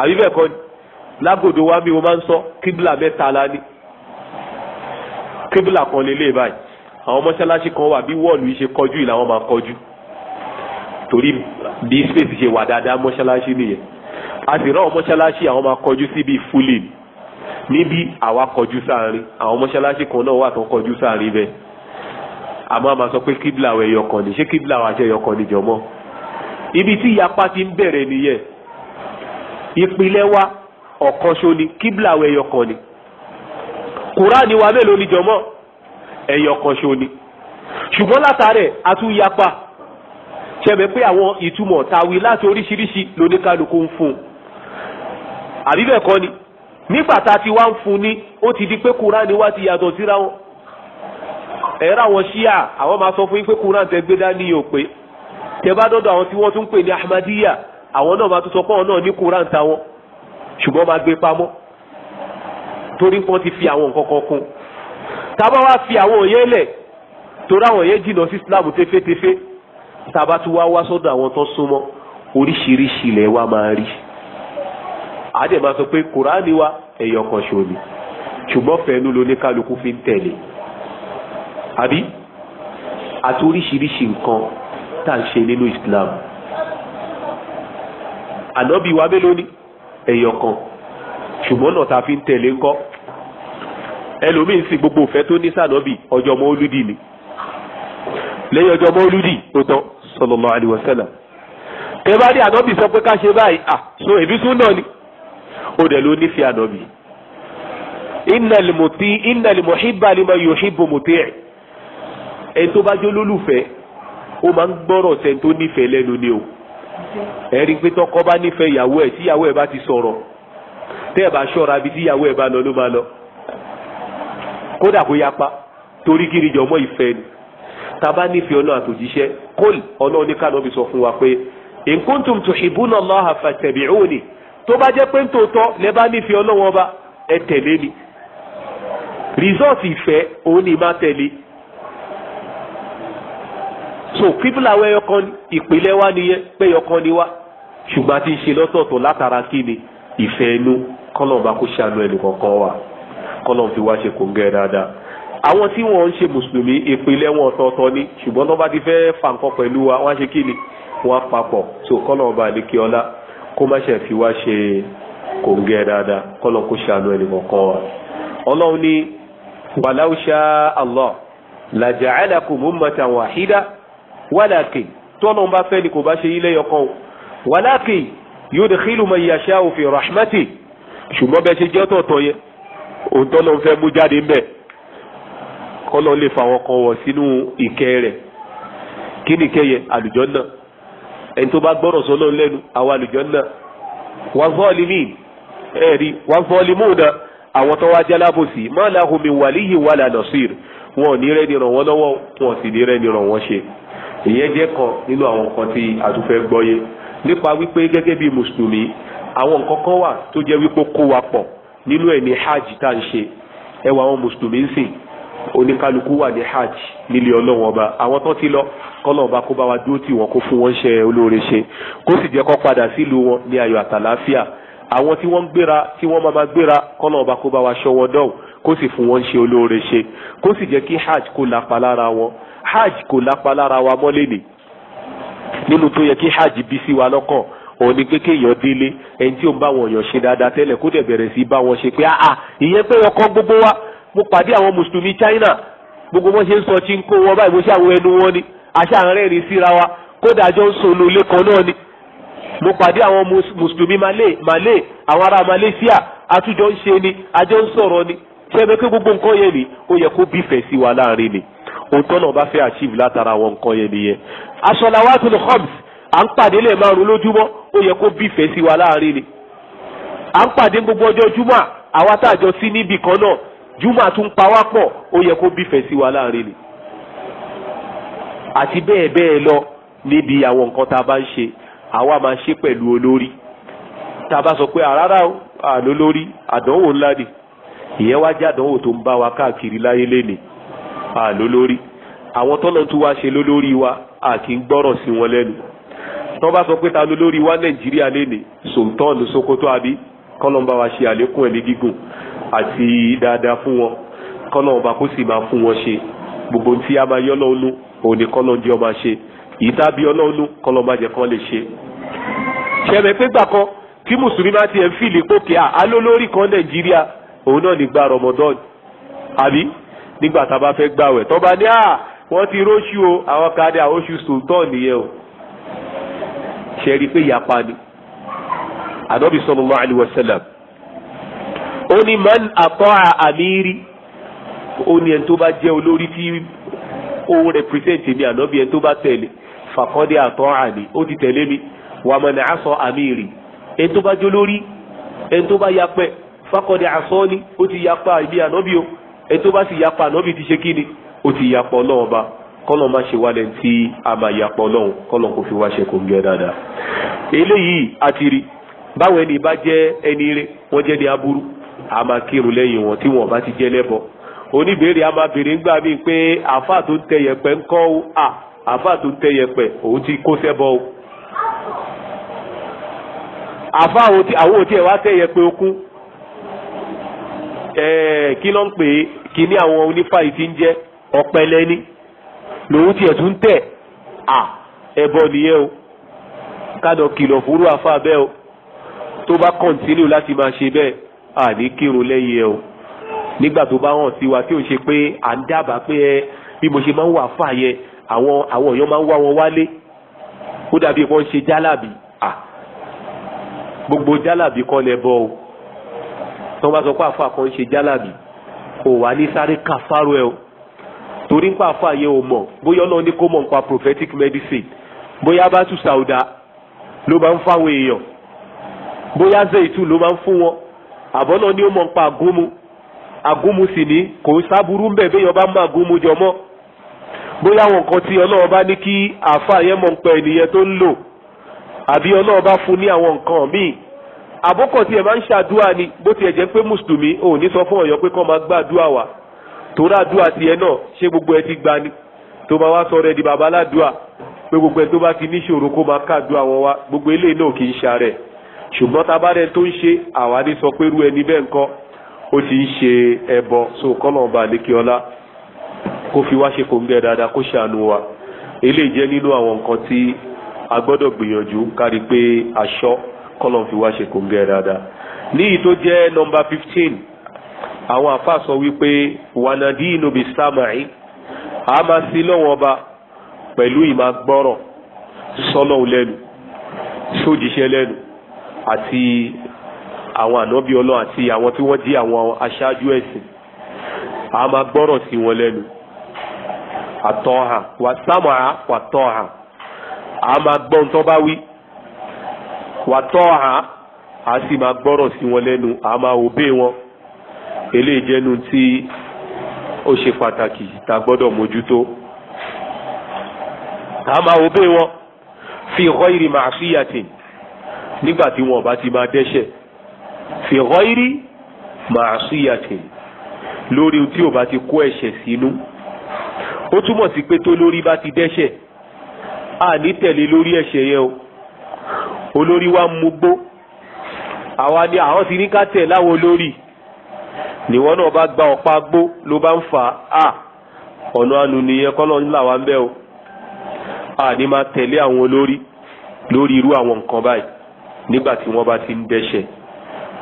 àbí bẹ́ẹ̀ kọ́ ni lágòdò wa mi mo máa ń sọ kíbla mẹ́ta la ní kíbla kan lélẹ̀ báyìí àwọn mọ́ṣáláṣí kan wà bí wọ́ọ̀lù yìí ṣe kọjú yìí làwọn máa kọjú torí bí space ṣe wà dáadáa mọ́ṣáláṣí nìyẹn a sì rán àwọn mọ́ṣáláṣí àwọn máa kọjú síbi fúlìn níbi àwa kọjú sáàrin àwọn mọ́ṣáláṣí kan náà wà tó ń kọjú sáàrin bẹ́ẹ̀ àmọ́ àmà sọ pé kíbla àwọn ẹyọ kan ní ṣé kíbla àwọn àṣẹ ẹyọ ní jọmọ́ ibi tí ìyapa ti ń bẹ̀rẹ̀ nìyẹn ìpìlẹ̀ wa ọ̀kan ni kíbla àwọn ẹyọ kan ni kùránì wa mélòó ni jọmọ́ ẹyọ kan ni ṣùgbọ́n látàrẹ̀ a yapa ṣẹ̀mẹ̀ pé àwọn ìtumọ̀ tàwí láti oríṣiríṣi lóníkálukú ń fún un kọ́ ni nígbà tá a ti wá ń fún ni ó ti di pé kúránì wá ti yàtọ̀ síra wọn ẹ̀rọ àwọn ṣíà àwọn máa sọ fún yín pé kúránì tẹ gbé dání yóò pé tẹ bá dọ́dọ̀ àwọn tí wọ́n tún pè ní ahmadiyya àwọn náà máa tún sọ pé àwọn náà ní kúránì táwọn ṣùgbọ́n máa gbé pamọ́ torí wọ́n ti fi àwọn nǹkan kan kún tábà wá fi àwọn òye lẹ̀ torí àwọn yẹn jìnnà sí islam tẹfẹ́tẹfẹ́ tábà tún wá wá sọ́dọ̀ àwọn tó súnmọ́ oríṣiríṣi ilẹ̀ wa máa rí àdè máa sọ pé kùránì wa ẹ̀yọ̀ kan ṣo ni ṣùgbọ́n fẹ́ẹ́nu ló ní kálukú fi ń tẹ̀lé àbí àti oríṣiríṣi nǹkan tá à ń ṣe nínú Islam ànábì wa mélòó ni ẹ̀yọ̀ kan ṣùgbọ́n náà ta fi ń tẹ̀lé ńkọ́ ẹlòmíín sì gbogbo òfẹ́ tó ní sànábì ọjọ́ mọ́lúdì ni lẹ́yìn ọjọ́ mọ́lúdì tó tán sallallahu alaihi wasallam tẹ́ bá rí ànábì sọ pé ká ṣe báyìí à so èbí sún náà ni ó dẹ̀ ló nífẹ̀ẹ́ ànábì innal muti innal muhibba liman yuhibbu muti'i ẹni tó bá jó lólùfẹ́ ó máa ń gbọ́rọ̀ sẹ́ni tó nífẹ̀ẹ́ lẹ́nu ni o ẹ̀rí pé tọkọ bá nífẹ̀ẹ́ ìyàwó ẹ̀ tíyàwó ẹ̀ bá ti sọ̀rọ̀ tẹ́ ẹ̀ bá ṣọ́ra bí tíyàwó ẹ̀ bá lọ ló máa lọ kódà kó yapa torí kí ni jọmọ ìfẹ́ ni tàbá nífẹ̀ẹ́ ọlọ́run àtòjíṣẹ́ kólì ọlọ́run ní kánọ́bì sọ fún wa pé in kuntum tuhibbuna Allaha fattabi'uni tó bá jẹ́ pé ntòótọ́ lẹ bá nífẹ̀ẹ́ ọlọ́wọ́n ọba ẹ tẹ̀lé mi result ìfẹ́ òun ni má tẹ̀lé so kíbla àwọn ẹyọkan ìpìlẹ̀ wa nìyẹn pé ẹyọkan ni wa ṣùgbọ́n a ti ń ṣe lọ́tọ̀ọ̀tọ̀ látara kí ni ìfẹ́ inú kọ́lọ̀ bá kó ṣàánú ẹnì kọ̀ọ̀kan wa kọ́lọ̀ fi wá ṣe kò ń gẹ́ dáadáa àwọn tí wọ́n ń ṣe mùsùlùmí ìpìlẹ̀ wọn ọ̀tọ̀ọ̀tọ̀ ni ṣùgbọ́n tó bá ti fẹ́ fà nǹkan pẹ̀lú wa wọ́n á ṣe kí ni wọ́n á papọ̀ so kọ́lọ̀ bá ní kí ọlá kó má ṣe fi wá ṣe kòǹgẹ́ dáadáa kọ́lọ̀ kó ṣàánú ẹnì kọ̀ọ̀kan wa ọlọ́run ní walau sha Allah laja'alakum ummatan wahida walakin tọ́lọ́n bá fẹ́ ni kò bá ṣe yí lẹ́yọkan o walakin yudkhilu man yasha'u fi rahmatihi ṣùgbọ́n bẹ́ẹ̀ ṣe jẹ́ tọ̀tọ̀ yẹ òun tọ́lọ́n fẹ́ mú jáde ńbẹ̀ kọ́lọ́ lè fa kan wọ̀ sínú ìkẹ́ rẹ̀ kí nìkẹ́ yẹ àlùjọ náà ẹni tó bá gbọ́rọ̀ sọ́lọ́ lẹ́nu àwọn àlùjànnà wọ́n fọ́ọ̀lì míì ẹ̀rí wọ́n fọ́ọ̀lì múùnà àwọn tó wá jálábòsì má lahum min waliyyin wala nasir wọn ò ní rẹ́ni ràn wọ́n lọ́wọ́ wọn sì ní rẹ́ni ràn wọ́n ṣe ìyẹn jẹ́ kan nínú àwọn nǹkan tí a tún fẹ́ gbọ́yé nípa wípé gẹ́gẹ́ bí mùsùlùmí àwọn nǹkan kan wà tó jẹ́ wípé kó wa pọ̀ nínú ẹ̀ ní hajj tá à ń ṣe ẹwà àwọn mùsùlùmí ń sìn oníkálukú wà ní hajj nílé ọlọ́wọ́n ọba àwọn tó ti lọ kọ́lọ́n ọba kó bá wa dúró tì wọ́n kó fún wọn ṣe olóore ṣe kó sì jẹ́ kó padà sílùú wọn ní ayọ̀ àtàláfíà àwọn tí wọ́n ń gbéra tí wọ́n máa máa gbéra kọ́lọ́n ọba kó bá wa ṣọ́ wọn dọ́hùn kó sì fún wọn ṣe olóore ṣe kó sì jẹ́ kí hajj kó lápa lára wọn hajj kò lápa lára wa mọ́lẹ̀ nìyí nínú tó yẹ kí hajj bí sí wa lọ́kàn òun ni pé kéèyàn délé ẹni tí ó bá wọn yàn ṣe dáadáa tẹ́lẹ̀ kó dẹ̀ bẹ̀rẹ̀ sí bá wọn ṣe pé àà ìyẹn pé wọn kọ́ gbogbo wa mo pàdé àwọn mùsùlùmí China gbogbo wọn ṣe ń sọ tí ń kó wọn báyìí mo ṣe àwọn ẹnu wọn ni àṣà rẹ́rìn síra wa kódà àjọ ń sọ olóòlé kan náà ni mo pàdé àwọn mùsùlùmí malé malé àwọn ará Malaysia àtújọ ń ṣe ni àjọ ń sọ̀rọ̀ ni ṣé ẹgbẹ́ pé gbogbo nǹkan yẹn ni ó yẹ kó bífẹ̀ẹ́ sí wa láàrin ni òótọ́ náà bá fẹ́ achieve látara àwọn nǹkan yẹn nìyẹn aṣọlawatul khams à ń pàdé lè márùn lójúmọ́ ó yẹ kó bífẹ̀ẹ́ sí wa láàrin ni à ń pàdé gbogbo ọjọ́ júmọ́ àwa tá àjọ sí níbì kan náà juma tún pa wá pọ̀ ó yẹ kó bífẹ̀ sí wa láàrin ni àti bẹ́ẹ̀ bẹ́ẹ̀ lọ níbi àwọn nǹkan tá a bá ń ṣe àwa máa ṣe pẹ̀lú olórí tá a bá sọ pé àrárá àlọ́ lórí àdánwò ńlá ni ìyẹn wá jẹ́ àdánwò tó ń bá wa káàkiri láyé lénìí àlọ́ lórí àwọn tọ́lọ̀ tún wá ṣe lólórí wa a kì í gbọ́rọ̀ sí wọn lẹ́nu tó bá sọ pé ta lólórí wa nàìjíríà lénìí sultan sokoto àbí kọ́lọ́mbà wa ṣe àlékún ẹ̀mí gígùn àti dáadáa fún wọn kọ́nà ọba kó sì máa fún wọn ṣe gbogbo tí a máa yọ́nà olú òní kọ́nà jẹ́ ọba ṣe èyí a bí ọ̀nà olú kọ́nà ọba jẹ́ kọ́ lè ṣe. ṣẹ̀mẹ̀ pé gbà kan kí mùsùlùmí máa tiẹ̀ ń fìlè pókè à alólórí kan nàìjíríà òun náà nígbà rọmọdọ́n àbí nígbà tá a bá fẹ́ gbàwẹ̀ tó ní à wọ́n ti róṣù o àwọn kan ní àwòṣù sultan nìyẹn o ṣe rí i pé ìyapa ni ànábì sallallahu alaihi wasallam ó ní man àtọ́ra àmírí ó ní ẹni tó bá jẹ́ olórí tí ó represent mi ànábì ẹni tó bá tẹ̀lé fàkọ́dé àtọ́ra ni ó ti tẹ̀lé mi wà mọ̀nà àṣọ àmírí ẹni tó bá jẹ́ olórí ẹni tó bá yapẹ́ fàkọ́dé àṣọ ni ó ti yapa ìbí ànábì o ẹni tó bá sì yapa ànábì ti ṣe kí ni ó ti yapa ọlọ́run kọ́lọ̀ má ṣe wálẹ̀ tí a máa yapa ọlọ́run kọ́lọ̀ kò fi wá ṣe kò ń gẹ́ dáadáa eléyìí àti báwo ẹni bá jẹ́ ẹni rẹ̀ wọ́n jẹ́ ní aburú a máa kírun lẹ́yìn wọn tí wọn bá ti jẹ́ lẹ́bọ oníbèrè a máa bèrè ńgbà míì pé àáfàá tó ń tẹ yẹ̀pẹ̀ ń kọ́ ó à àáfàá tó ń tẹ yẹ̀pẹ̀ òun ti kó sẹ́bọ o àáfàá àwọn òtí ẹ̀ wá tẹ yẹ̀pẹ̀ okún kí ló ń pè é kí ní àwọn onífà ti ń jẹ́ ọ̀pẹ lẹ́ni lòun tiẹ̀ tún tẹ̀ à ẹ̀bọ nìyẹn o kádọ̀ kìlọ̀ fúru àfa bẹ́ẹ̀ o tó bá kọ̀ǹtínú láti máa ṣe bẹ́ẹ̀ àní kírun lẹ́yìn ẹ̀ o nígbà tó bá hàn sí wa tí ò ṣe pé à ń dábàá pé ẹ bí mo ṣe máa ń wà fà yẹ àwọn àwọn èèyàn máa ń wá wọn wálé ó dàbí wọn ń ṣe jálàbì à gbogbo jálàbì kọ́ lẹ bọ́ o tó bá sọ pé àfa kan ń ṣe jálàbì kò wá ní sáré kàfárò ẹ o torí ń pa àfa yẹ o mọ̀ bóyá ọlọ́run ní kó mọ̀ nípa prophetic medicine bóyá bá tù sàwùdà ló máa ń fáwọn èèyàn bóyá zeytu ló máa ń fún wọn àbọ́nà ni ó mọ̀ ń pa agúnmu agúnmu sì ni kò sábúrú mbẹ́ bẹ́ẹ̀ ọba mọ agúnmu jọ mọ́ bóyá àwọn nǹkan tí ọlọ́run bá ní kí àáfàá yẹn mọ̀ ń pa ènìyàn tó ń lò àbí ọlọ́run bá fún ní àwọn nǹkan míì àbókọ̀ tí ẹ máa ń ṣàdúrà ni bó tiẹ̀ jẹ́ pé mùsùlùmí ò ní sọ fún ọ̀yọ́ pé kán máa gbàdúrà wá torí àdúrà tiẹ̀ náà ṣé gbogbo ẹ ti gba ni tó máa wá sọ̀rọ̀ ẹ di babaládùà pé gbogbo ẹ tó bá ti níṣòro kó máa kàdúrà wọn wá gbogbo eléyìí náà kì í ṣàrẹ̀ ṣùgbọ́n tá a bá rẹ tó ń ṣe àwa ní sọ pé irú ẹni bẹ́ẹ̀ ńkọ́ ó ti ń ṣe ẹbọ so kọ́nà ọba àlékiọlá kó fi wá ṣe kò ń gẹ dáadáa kó ṣàánú wa eléyìí jẹ́ nínú àwọn nǹkan tí a gbọ́dọ̀ gbìyànjú kárí pé aṣọ kọ́nà fi wá ṣe kò ń gẹ dáadáa ní tó jẹ́ nọmba fifteen àwọn àfáà sọ wípé wànàdí ìnùbí sàmàì a máa sí lọ́wọ́n ọba pẹ̀lú ìmá sọ́nà lẹ́nu sójíṣẹ́ lẹ́nu àti àwọn ànábì ọlọ́run àti àwọn tí wọ́n jẹ́ àwọn aṣáájú ẹ̀sìn a máa gbọ́rọ̀ sí wọn lẹ́nu àtọ́hà wà sámàá wà tọ́hà a máa gbọ́ ohun tó bá wí wà tọ́hà a sì máa gbọ́rọ̀ sí wọn lẹ́nu a máa òbé wọn eléyìí jẹ́nu tí ó ṣe pàtàkì ta a gbọ́dọ̀ mójútó a máa òbé wọn fi ghairi ma'siyatin nígbà tí wọn bá ti máa dẹ́ṣẹ̀ fi ghairi ma'asiyatin lórí tí ò bá ti kó ẹ̀ṣẹ̀ sínú ó túmọ̀ sí pé tó lórí bá ti dẹ́ṣẹ̀ a ní tẹ̀lé lórí ẹ̀ṣẹ̀ yẹn o olórí wa mú gbó àwa ni àwọn ti ní ká tẹ̀ láwọn olórí níwọ́n náà bá gba ọ̀pá gbó ló bá ń fà á ọ̀nà àánú nìyẹn kọ́lọ́ ńlá wa ń bẹ́ o a ní máa tẹ̀lé àwọn olórí lórí irú àwọn nǹkan báyìí nígbà tí wọ́n bá ti ń dẹ́ṣẹ̀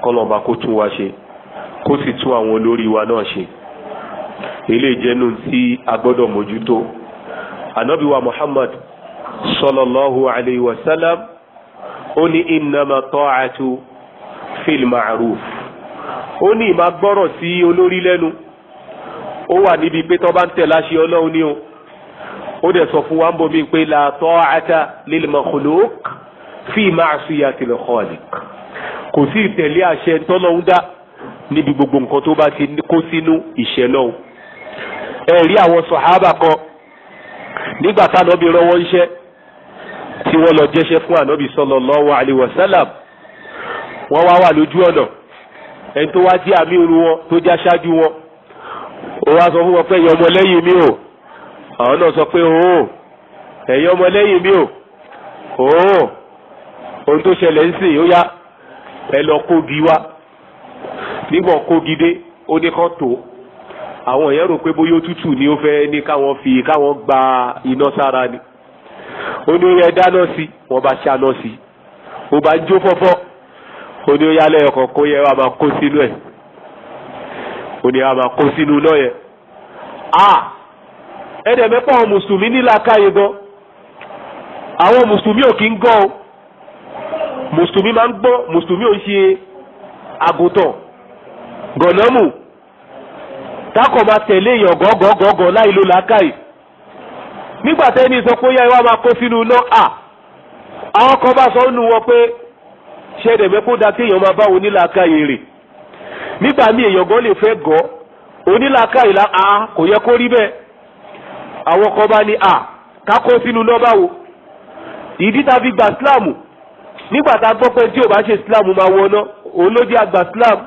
kọ́lọ̀ọ̀bá kó tún wa ṣe kó sì tún àwọn olórí wa náà ṣe eléyìí jẹ́nu tí a gbọ́dọ̀ mójútó ànábì wa Muhammad sallallahu alayhi wa sallam ó ní innama ta'atu fil ma'ruf ó ní ìmá gbọ́rọ̀ sí olórí lẹ́nu ó wà níbi pé tó bá ń tẹ̀ láṣẹ ọlọ́run ní o ó dẹ̀ sọ fún wa ń bomi pé la ta'ata lil fi ma'siyatil khaliq kò sí ìtẹ̀lé àṣẹ tọ́lọ́hún dá níbi gbogbo nǹkan tó bá ti kó sínú ìṣẹ́ náà ẹ rí àwọn sọ̀hábà kan nígbà tá ànábì rọwọ́ iṣẹ́ tí wọ́n lọ jẹ́ṣẹ́ fún ànábì sallallahu alaihi wasallam wọ́n wá wà lójú ọ̀nà ẹni tó wá jẹ́ àmì irun wọn tó já ṣáájú wọn ó wá sọ fún wọn pé ẹ̀yin ọmọlẹ́yìn mi o àwọn náà sọ pé o ẹ̀yin ọmọlẹ́yìn mi o o ohun tó ṣẹlẹ̀ ń sìn ó yá ẹ lọ kógi wá nígbà kógi dé ó ní kán tó àwọn èèyàn rò pé bóyá òtútù ni ó fẹ́ ní káwọn fi káwọn gba iná sára ni ó ní ó yẹ dáná sí wọ́n bá ṣáná sí ó bá jó fọ́fọ́ ó ní ó yá lẹ́yìn kó yẹ wá máa kó sínú ẹ̀ ó ní wá máa kó sínú náà yẹ ẹ̀ẹ́dẹ̀mẹ́pọ̀ mùsùlùmí nílàkàyè gan àwọn mùsùlùmí ò kí ń gan o mùsùlùmí máa ń gbọ́n mùsùlùmí ò ń ṣe àgùntàn gọ̀nàmù tákọ̀ máa tẹ̀lé èèyàn gọ́gọ́gọ́gọ́ láì ló làákàyè nígbà tẹ́ni sọ pé ó yá ìwà máa kó sínú iná à àwọn kan bá sọ nù wọn pé ṣẹ̀dẹ̀ mẹ́kó da kéèyàn máa bá onílàákàyè rè nígbà míì èèyàn gan lè fẹ́ gọ́ onílàákàyè la à kò yẹ kó rí bẹ́ẹ̀ àwọn kan bá ní à kákó sínú iná báwo ìdí tàbí gbà síláàmù nígbà tá a gbọ́ pé tí ò bá ṣe islam máa wọná òun ló jẹ́ àgbà islam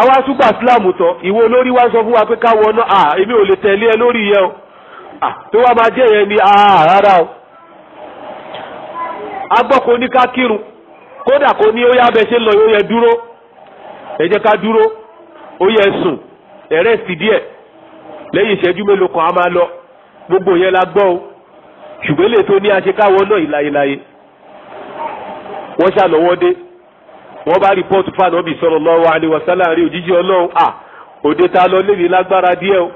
àwa súgbà islam tán ìwọ olórí wa sọ fún wa pé ká wọná à èmi ò lè tẹ̀lé ẹ lórí yẹn o tó wá máa jẹ́ yẹn ni àà rárá o a gbọ́ kó ní ká kírun kódà kó ní ó yá bẹ ṣe ń lọ yóò yẹ dúró ẹ jẹ́ ká dúró ó yẹ sùn ẹ̀rẹ́ sì díẹ̀ lẹ́yìn ìṣẹ́jú mélòó kan a máa lọ gbogbo yẹn la gbọ́ o ṣùgbọ́n èlé tó ní aṣekáwọ́ náà ìlàyìlàyè wọ́n ṣá lọ́wọ́ dé wọ́n bá rìpọ́ọ̀tù fún ànábì sallallahu alaihi wasallam rí òjíjí ọlọ́run à òde ta lọ lé ní lágbára díẹ̀ o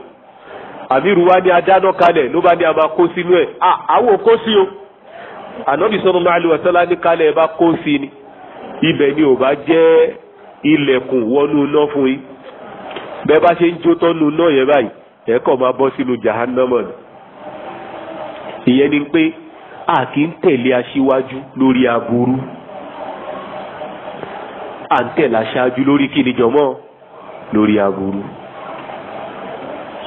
àmírù wa ni adáná kalẹ̀ ló bá ní a máa kó sínú ẹ̀ à àwọn kó sí o ànábì sallallahu alaihi wasallam ní kalẹ̀ ẹ̀ bá kó sí ni ibẹ̀ ni ò bá jẹ́ ilẹ̀kùn wọnú iná fún yín bẹ́ẹ̀ bá ṣe ń jó tọ́nu iná yẹn báyìí ẹ̀ kàn máa bọ́ à ń tẹ̀lé aṣáájú lórí kí ni jọmọ́ lórí aburú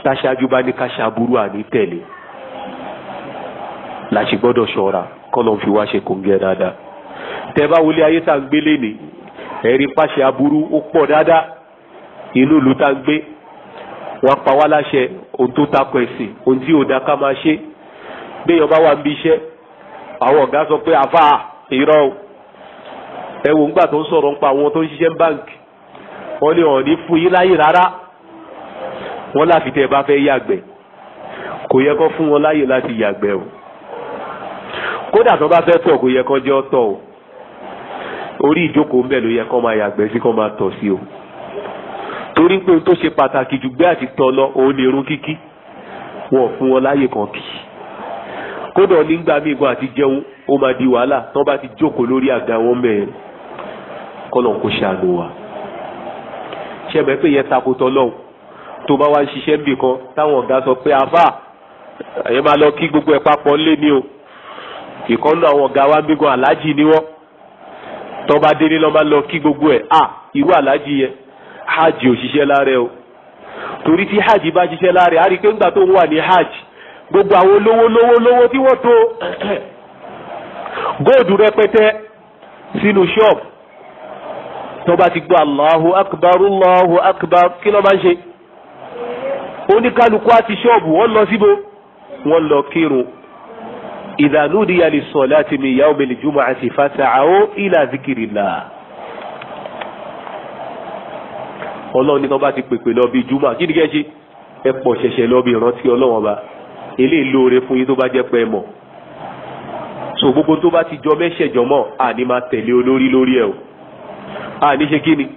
táṣáájú bá ní ká ṣaburú àní tẹ̀lé la gbọ́dọ̀ ṣọ́ra kọ́lọ̀ fi wá ṣe kòǹgẹ́ dáadáa tẹ́ bá wọlé ayé tá à ń gbélé ni ẹ̀rí pàṣẹ aburú ó pọ̀ dáadáa inú ìlú tá à ń gbé wọ́n pa wá láṣẹ ohun tó takọ ẹ̀sìn ohun tí ò dá ká máa ṣe béèyàn bá wà ń iṣẹ́ àwọn ọ̀gá sọ pé àfáà irọ́ ẹ wò ńgbà tó ń sọ̀rọ̀ nípa àwọn tó ń ṣiṣẹ́ báńkì wọ́n ní ọ̀ọ́ni fún yín láyè rárá wọ́n láfi tẹ́ ẹ bá fẹ́ yàgbẹ́ kò yẹ kó fún wọn láyè láti yàgbẹ́ o kódà tó bá fẹ́ tọ̀ kò yẹ kó jẹ́ ọ̀tọ̀ o orí ìjókòó ńbẹ̀ ló yẹ kó máa yàgbẹ́ sí kó máa tọ̀ sí o torí pé tó ṣe pàtàkì jù gbé àti tọ̀ lọ òun ni irun kíkí wọn fún wọn láyè kan kì í kódà nígbà míì gan àti jẹun ó máa di wàhálà tó bá ti jókòó lórí àga wọn mẹ́rin kọ́lọ̀ kó ṣàánú wa ṣe mọ̀ pé yẹn takotọ́ lọ́hùn tó bá wá ń ṣiṣẹ́ níbì kan táwọn ọ̀gá sọ pé àbá ẹ̀yẹ́ máa lọ kí gbogbo ẹ̀ papọ̀ lé ní o ìkọ́nú àwọn ọ̀gá wa gbígbó aláàjì ni wọ́n tọ́ba délé lọ́ máa lọ kí gbogbo ẹ̀ à irú aláàjì yẹn hajj ò ṣiṣẹ́ lára o torí tí hajj bá ṣiṣẹ́ lára a rí i pé ńgbà tó ń wà ní hajj gbogbo àwọn olówó lówó lówó tí wọ́n tó góòdù rẹpẹtẹ sínú ṣọ́ọ̀bù tó bá ti gbọ́ allahu akbar allahu akbar kí ló máa ń ṣe oníkálukú àti ṣọ́ọ̀bù wọ́n lọ síbo wọ́n lọ kírun idha nudiya lis-salati min yawmi l-jumu'ati fas'aw ila dhikrillah. ọlọ́run ní tó bá ti pèpè lọ bí jùmọ̀ kí ni kẹ́ ṣe ẹ pọ̀ ṣẹ̀ṣẹ̀ lọ bí ìrántí ọlọ́run ọba eléyìí lóore fún yín tó bá jẹ́ pé mọ̀ so gbogbo tó bá ti jọ mẹ́ṣẹ̀jọ mọ́ àní máa tẹ̀lé olórí lórí ẹ̀ o a ah, ní ṣe kí ni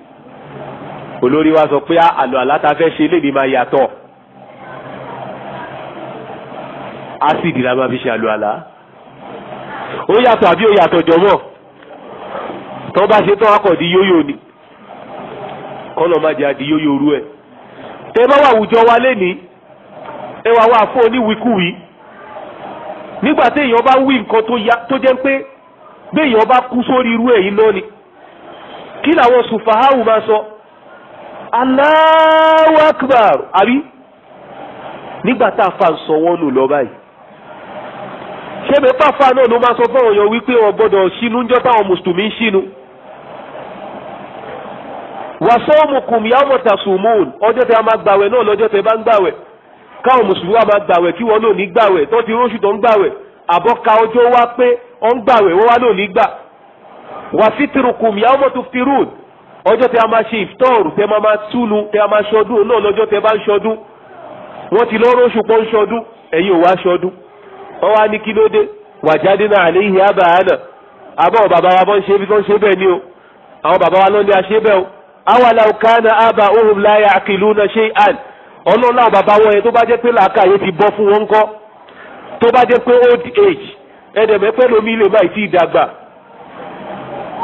olórí wa sọ pé ah, àlọ́ àlátà fẹ́ ṣe léde máa yàtọ̀ ásìdì la máa fi ṣe àlọ́ àlá ó yàtọ̀ àbí ó yàtọ̀ jọ̀mọ́ tó bá ṣe tán akọ̀ di yóyò ni kọ́lọ̀ má jẹ́ àdí yóyò rú ẹ̀ tẹ́ bá wà àwùjọ wa lénìí ẹ wà wá fún oníwìkúwì nígbà téèyàn bá wí nǹkan tó jẹ́ pé béèyàn bá kú sórí irú ẹ̀yìn náà ni kí làwọn sùfàháwù máa sọ Allahu Akbar àbí nígbà tá a fa sọ wọn nù lọ báyìí ṣébè pàfà náà ló máa sọ fún ọ̀yàn wípé wọn gbọ́dọ̀ ṣínú ńjọ́ táwọn mùsùlùmí ń ṣínú wàsọ́ọ̀mùkùn yàwọ̀ tàṣùmùn ọjọ́ tẹ a máa gbàwẹ̀ náà lọ́jọ́ tẹ bá ń gbàwẹ̀ káwọn mùsùlùmí wa máa gbàwẹ̀ kí wọn náà ní gbàwẹ̀ tó ti róṣù tó ń gbàwẹ̀ àbọ̀ka ọjọ́ wa pé ọ̀ ń gbàwẹ̀ wọ́n wá náà ní gbà wà fitirukum yawma tuftirun ọjọ́ tẹ a máa ṣe ìftọ́ọ̀rù tẹ máa máa túnu tẹ a máa ṣọdún náà lọ́jọ́ tẹ bá ń ṣọdún wọ́n ti lọ́rọ́ oṣù pọ́ ń ṣọdún ẹ̀yin ò wá ṣọdún wọ́n wá ní kí ló dé wàjáde náà àlẹ́ ìhì àbàánà àbọ̀ bàbá wa bọ́ ń ṣe bí wọ́n ṣe bẹ́ẹ̀ ni o àwọn bàbá wa lọ́ni àṣẹ bẹ́ẹ̀ o awàlà òkàna àbà òhùn láyà àkìlúnà ṣe àn ọlọ́lá bàbá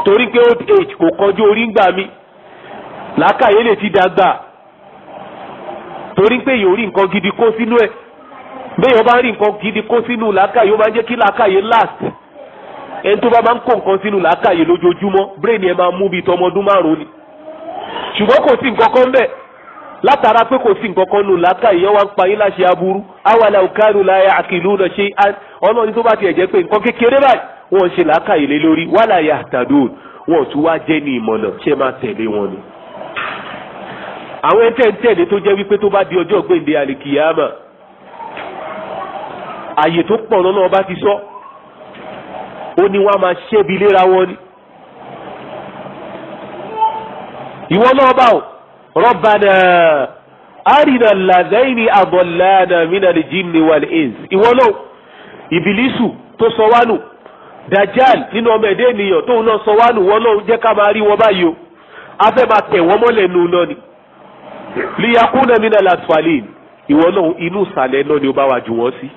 torí pé old age kò kọjú orí ń gbà mí làákàyè lè ti dàgbà torí pé yòórí nǹkan gidi kó sínú ẹ bẹ́ẹ̀ ọba rí nǹkan gidi kó sínú làákàyè ó máa jẹ́ kí làákàyè last ẹni tó bá máa ń kó nǹkan sínú làákàyè lójoojúmọ́ brain ẹ máa mú bíi tọmọ ọdún márùn ni ṣùgbọ́n kò sí nǹkan kan bẹ́ẹ̀ látara pé kò sí nǹkan kan nù làákàyè yẹn wá ń pa yín láṣẹ aburú awàlà òkàlù làyà àkìlú rẹ ṣe ọlọ́run tó bá tiẹ̀ jẹ́ pé nǹkan kékeré báyìí wọ́n ṣe làákàyè lé lórí wàhálà yà tàdó wọ́n tún wá jẹ́ ní ìmọ̀nà ṣé máa tẹ̀lé wọn ni. àwọn ẹ̀ tẹ̀ǹtẹ̀lé tó jẹ́ wípé tó bá di ọjọ́ gbèǹde àlìkìyàmà àyè tó pọ̀ lọ́nà ọba ti sọ ó ní wọ́n á máa ṣẹ́bi léra wọn ni. ìwọ náà bá o rọ́bànà àrìnà làdẹ́yìn àbọ̀lànà mínà lè jí ni wà lè ẹ̀ ìwọ náà ìbílísù tó sọ wá nù dajal nínú ọmọ ẹ̀dẹ́ ènìyàn tóun náà sọ wánu wọn náà jẹ́ ká máa rí wọn báyìí o a fẹ́ máa tẹ̀ wọ́n mọ́lẹ̀ nù náà ni liyakuna mina lasfalin ìwọ náà inú ìsàlẹ̀ náà ni ó bá wa jù wọ́n sí.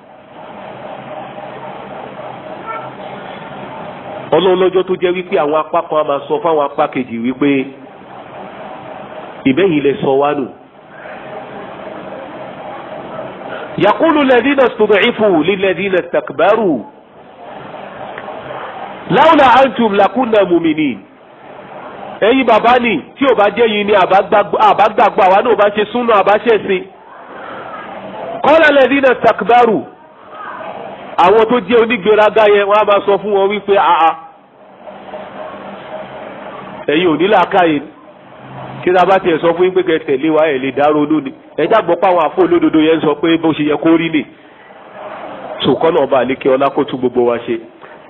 ọlọ́run lọ́jọ́ tó jẹ́ wípé àwọn apá kan á máa sọ fáwọn apá kejì wípé ìbẹ́yìn lẹ sọ wá nù. lẹ́dínà sọ̀rọ̀ ìfù lílẹ́dínà sàkbárù láwùlà antum lakunna muminin ẹ̀yin bàbá ni tí ò bá jẹ́ yìí ni àbágbàgbọ́ àwa náà bá ṣe súnà àbáṣẹ́sìn kọ́lá lẹ́dínà takbaru àwọn tó jẹ́ onígbéraga yẹn wọ́n á máa sọ fún wọn wípé àá ẹ̀yin ò ní làákàyè kí ta bá tiẹ̀ sọ fún yín pé kẹ́ tẹ̀lé wa ẹ̀ lè dárò lónìí ẹ̀já gbọ́ pé àwọn àfọ olódodo yẹn ń sọ pé bó ṣe yẹ kó rí nì sòkọ́nà ọba àlékè ọlá kó tún gbogbo wa ṣe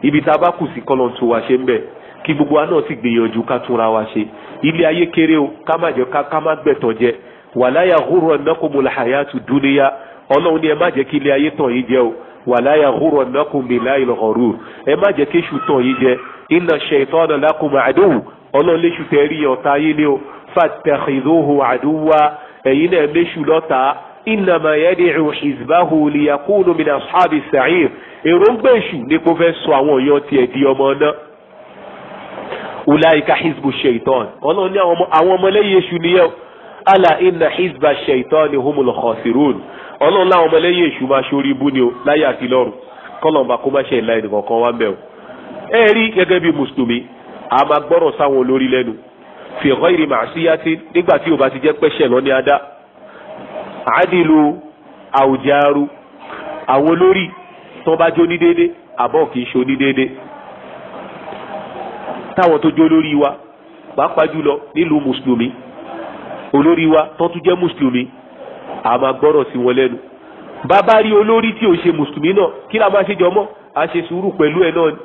ibi tá a bá kù sí kọ́lọ̀ tó wa ṣe ń bẹ̀ kí gbogbo wa náà sì gbìyànjú ká túnra wa ṣe ilé ayé kéré o ká má jẹ́ ká má gbẹ̀tàn jẹ wàláyà húrọ̀ nàkùnmù làhàyàtù dúníyà ọlọ́run ni ẹ má jẹ́ kí ilé ayé tàn yín jẹ o wàláyà húrọ̀ nàkùnmù bìláì ẹ má jẹ́ kéṣù tàn yín jẹ iná ṣètọ́nà lákùnmù àdóhù ọlọ́run léṣù tẹ́ rí ọ̀tá yín ni o fàtẹ̀kìdóhù àdúwà ẹ̀yin náà léṣù lọ́tàá innama yad'u hizbahu liyakunu min ashabi sa'ir èròǹgbà èṣù ni kò fẹ́ sọ àwọn èèyàn tiẹ̀ di ọmọ náà ulaika hizbu shaitan ọlọ́run ní àwọn ọmọlẹ́yìn èṣù nìyẹn ala inna hizba shaitan humul khasirun ọlọ́run láwọn ọmọlẹ́yìn èṣù máa ṣorí ibú ni o láyé àti lọ́run kọ́lọ̀mbà kó má ṣe ìlà ẹnìkọ̀ọ̀kan wá mẹ́ o ẹ rí gẹ́gẹ́ bí mùsùlùmí a máa gbọ́rọ̀ sáwọn olórí lẹ́nu fi ghairi ma'siyati nígbà tí ó bá ti jẹ́ pẹ́ṣẹ̀ lọ́ní adá àádìlú àwùjáru àwọn olórí tó bá jó ní déédé àbọ̀ kì í ṣe ní déédé táwọn tó jó lórí wa pàápàá jùlọ nílùú mùsùlùmí olórí wa tó tún jẹ́ mùsùlùmí a máa gbọ́rọ̀ sí wọn lẹ́nu bàbá rí olórí tí ò ṣe mùsùlùmí náà kí la máa ṣe jọ mọ́ a ṣe sùúrù pẹ̀lú ẹ̀ náà ni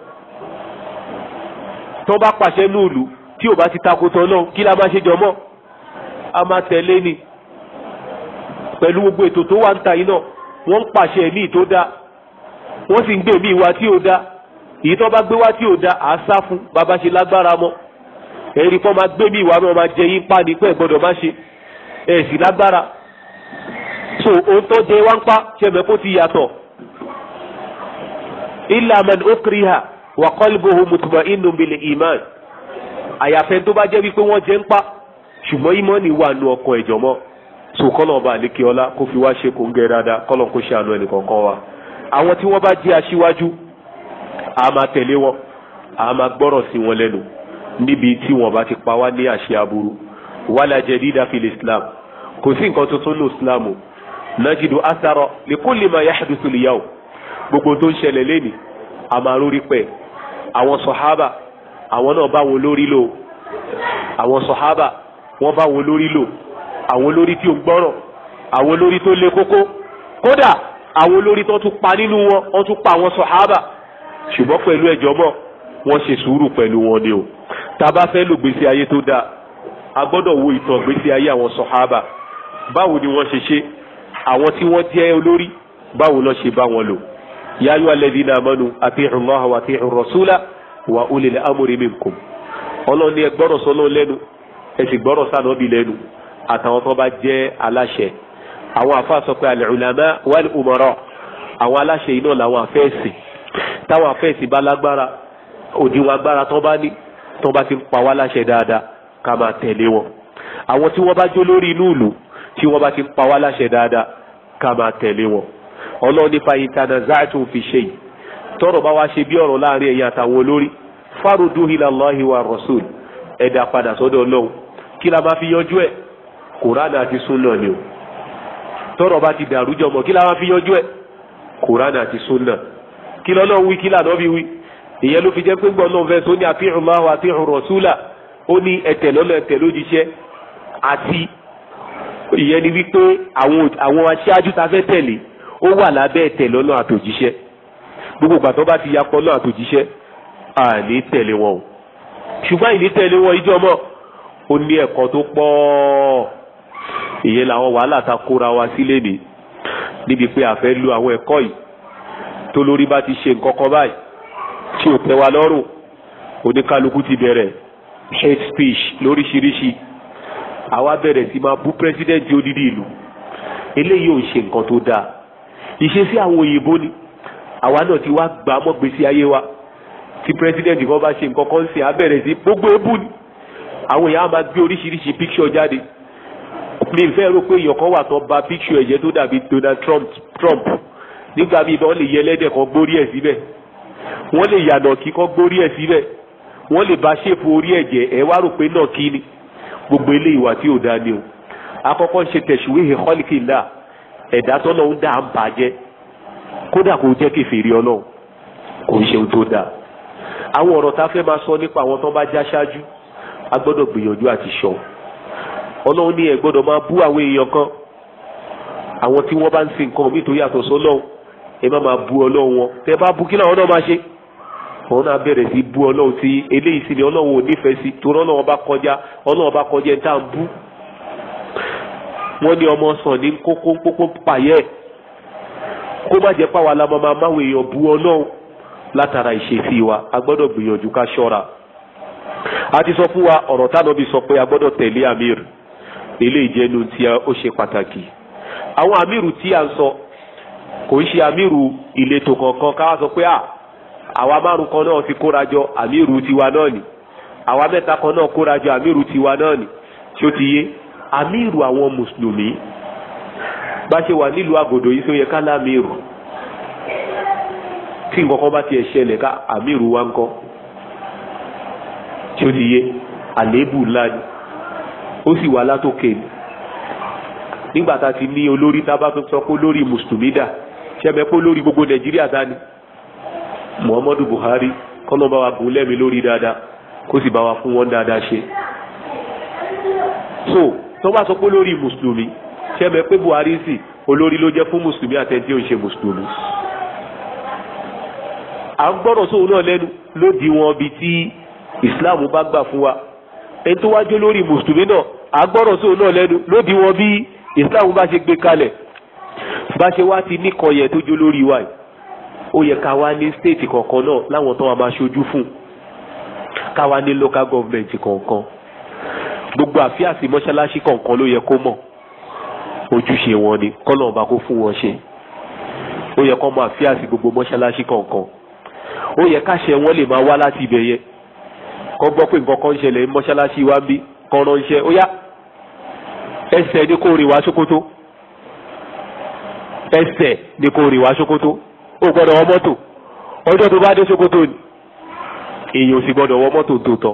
tó bá pàṣẹ ní tí ò bá ti takò tán náà kí la máa ṣe jọ mọ́ a máa tẹ̀lé ni pẹ̀lú gbogbo ètò tó wà ń ta yìí náà wọ́n ń pàṣẹ ẹ̀mí tó dá wọ́n sì ń gbé ẹ̀mí wa tí ó dá èyí tó bá gbé wá tí ó dá à á sá fún bàbá ṣe lágbára mọ́ ẹ̀rí kan máa gbé mi ìwà náà máa jẹ yín pa ní pẹ́ gbọ́dọ̀ má ṣe ẹ̀ sì lágbára so ohun tó jẹ wá ń pa ṣẹ̀mẹ̀ kó ti yàtọ̀ illa man okriha wa qalbuhu mutma'innun bil iman àyàfẹ́ tó bá jẹ́ wípé wọ́n jẹ́ ń pa ṣùgbọ́n ìmọ̀ ni wà nù ọkàn ẹ̀jọ̀ mọ́ so kọ́lọ̀ ọba àlékè ọlá kó fi wá ṣe kó ń gẹ dáadáa kọ́lọ̀ kó ṣe àánú ẹnì kọ̀ọ̀kan wa àwọn tí wọ́n bá jẹ́ aṣíwájú a máa tẹ̀lé wọn a máa gbọ́rọ̀ sí wọn lẹ́nu níbi tí wọ́n bá ti pa wá ní àṣẹ aburú wàlá jadida fil islam kò sí nǹkan tuntun ní islam o najidu asara li kulli ma yahdusu liyaw gbogbo tó ń ṣẹlẹ̀ lẹ́ni a máa rórí pẹ̀ àwọn sọ̀hábà àwọn náà bá wọn lórí lò àwọn sọ̀hábà wọ́n bá wọn lórí lò àwọn olórí tí ó gbọ́rọ̀ àwọn olórí tó lé kókó kódà àwọn olórí tó tún pa nínú wọn wọ́n tún pa àwọn sọ̀hábà ṣùgbọ́n pẹ̀lú ẹ̀jọ́ mọ̀ wọ́n ṣe sùúrù pẹ̀lú wọn ni o tá a bá fẹ́ lò gbèsè ayé tó dáa a gbọ́dọ̀ wo ìtàn gbèsè ayé àwọn sọ̀hábà báwo ni wọ́n ṣe ṣe àwọn tí wọ́n jẹ́ olórí báwo ló ṣe bá wọn lò yáyọ alẹ́dínà amánu ati'u Allaha wa ati'u rasúlà wa ulil amri minkum ọlọ́ni ẹ gbọ́rọ̀ sọ́nà àtàwọn tó bá jẹ́ aláṣẹ àwọn àfa sọ pé al-ulama wal-umara àwọn aláṣẹ iná làwọn àfẹ́ẹ̀sì táwọn àfẹ́ẹ̀sì bá lágbára òdiwọ̀n agbára tó bá ní tó bá ti pa wá láṣẹ dáadáa ká máa tẹ̀lé wọn àwọn tí wọ́n bá jó lórí inú ìlú tí wọ́n bá ti pa wá láṣẹ dáadáa ká máa tẹ̀lé wọn ọlọ́run nípa itanaza'tum fi shay tọ́rọ̀ bá wá ṣe bí ọ̀rọ̀ láàrin ẹ̀yin àtàwọn olórí farudduhu ilallahi rasul ẹ̀dá padà sọ́dọ̀ ọlọ́run kí la máa fi yanjú ẹ̀ kùránà àti súnà ni o tọ́rọ̀ bá ti dàrú jọmọ kí láwọn fi yanjú ẹ kùránà àti súnà kí lọ́nà wí kí lànà fi wí ìyẹn ló fi jẹ́ pé gbọ́n náà fẹ́ sọ ní àfihàn máa àfihàn rọ̀ṣúlà ó ní ẹ̀tẹ̀ lọ́nà ẹ̀tẹ̀ lójíṣẹ́ àti ìyẹn ni wípé àwọn aṣáájú ta fẹ́ tẹ̀lé ó wà lábẹ́ ẹ̀tẹ̀ lọ́nà àtòjíṣẹ́ gbogbo gbàtọ́ bá ti yapọ̀ lọ́nà àtòjíṣẹ́ àní tẹ̀lé wọn o ṣùgbọ́n ìní tẹ̀lé wọn ìjọ́mọ́ ó ní ẹ̀kọ́ tó pọ̀ ìyẹn làwọn wàhálà ta kóra wa sílé ni níbi pé a fẹ́ lu àwọn ẹ̀kọ́ yìí tó lórí bá ti ṣe nǹkan kan báyìí tí ò tẹ́ wa lọ́rùn oníkálukú ti bẹ̀rẹ̀ hate speech lóríṣiríṣi àwa bẹ̀rẹ̀ sí máa bú president odidi ìlú eléyìí ò ń ṣe nǹkan tó dáa ìṣesí àwọn òyìnbó ni àwa náà ti wá gbà mọ́gbèsí ayé wa tí president kan bá ṣe nǹkan kan ń sìn á bẹ̀rẹ̀ sí gbogbo ebú ni àwọn èèyàn á máa gbé oríṣiríṣi picture jáde mi fẹ́ rò pé èèyàn kan wà tó ba picture ẹ̀jẹ̀ tó dàbí Donald Trump Trump nígbà míì wọ́n lè yẹ ẹlẹ́dẹ̀ kan gbórí ẹ̀ síbẹ̀ wọ́n lè yànà kí kan gbórí ẹ̀ síbẹ̀ wọ́n lè ba ṣèfù orí ẹ̀jẹ̀ ẹ̀ wá rò pé náà kí ni gbogbo ilé ìwà tí ò dáa ni o àkọ́kọ́ ṣe tẹ̀síwéhe hólíkì ńlá ẹ̀dá tọ́nà ń dà ń bàjẹ́ kódà kò jẹ́ kèfèrí ọlọ́run kò ṣe ohun tó dáa àwọn ọ̀rọ̀ tá a fẹ́ máa sọ nípa àwọn tó bá já ṣáájú a ọlọ́run ní ẹ gbọ́dọ̀ máa bú àwọn èèyàn kan àwọn tí wọ́n bá ń sin nǹkan nítorí àtọ̀sọ́ ọlọ́run ẹ má máa bú ọlọ́run wọn tẹ bá bú kí làwọn náà máa ṣe wọn náà bẹ̀rẹ̀ sí bú ọlọ́run tí eléyìí sì ni ọlọ́run ò nífẹ̀ẹ́ sí torí ọlọ́run bá kọjá ọlọ́run bá kọjá ẹ̀ tá à ń bú wọ́n ní ọmọ sàn ní kókó kókó pààyẹ́ kó má jẹ́ pàwọn alámọ́mọ́ máwò èèyàn bú ọlọ́run látara ìṣesí wa a gbọ́dọ̀ gbìyànjú ká ṣọ́ra a ti sọ fún wa ọ̀rọ̀ tánà bí sọ pé a gbọ́dọ̀ tẹ̀lé amir eléyìí jẹ́nu tí ó ṣe pàtàkì àwọn amíru tí a ń sọ kò ń ṣe amíru ìletò kankan káwá sọ pé àwa márùn kan náà ti kóra jọ amíru tiwa náà ni àwa mẹ́ta kan náà kóra jọ amíru tiwa náà ni tí ó ti yé amíru àwọn mùsùlùmí bá ṣe wà nílùú àgòdò yìí tó yẹ ká lámìrù tí nǹkan bá tiẹ̀ ṣẹlẹ̀ ká amíru wa ń kọ́ tí ó ti yé àléébù ńlá ni ó sì wà látòkè nígbà tá a ti ní olórí tá a bá tún sọ pé olórí mùsùlùmí dà ṣẹ́mi pé olórí gbogbo nàìjíríà ta muhammadu buhari kọ́nà bá wa gùn lẹ́mi lórí dáadáa kó sì bá wa fún wọn dáadáa ṣe so tó bá sọ pé olórí mùsùlùmí ṣẹ́mi pé buhari sì olórí ló jẹ́ fún mùsùlùmí àtẹ̀tí ò ń ṣe mùsùlùmí à ń gbọ́dọ̀ sóhun náà lẹ́nu lódiwọ̀n bíi tí islam bá gbà fún wa ẹni tó wájú lórí mùsùlùmí náà agbọ́rọ̀ sóò náà lẹ́nu lódi wọn bí islam bá ṣe gbé kalẹ̀ bá ṣe wá ti níkan yẹn tó jó lórí wa yìí ó yẹ ká wá ní stéètì kọ̀ọ̀kan náà láwọn tó wàá máa ṣojú fún ká wá ní local government kọ̀ọ̀kan gbogbo àfíàsì mọ́ṣáláṣí kọ̀ọ̀kan ló yẹ kó mọ̀ ojúṣe wọn ni kọ́lọ̀ ọba kó fún wọn ṣe ó yẹ kó mọ àfíàsì gbogbo mọ́ṣáláṣí kọ̀ọ̀kan ó yẹ káṣẹ wọn lè máa wá láti ibẹ̀ yẹ kó gbọ́ pé nǹkan kan ń ṣẹlẹ̀ mọ́ṣáláṣí wa ń bí kọ́ ránṣẹ́ ó yá ẹsẹ̀ ni kò rìn wá ṣòkòtò ẹsẹ̀ ni kò rìn wá ṣòkòtò ó gbọ́dọ̀ wọ mọ́tò ọjọ́ tó bá dé ṣòkòtò ni èèyàn ò sì gbọ́dọ̀ wọ mọ́tò tó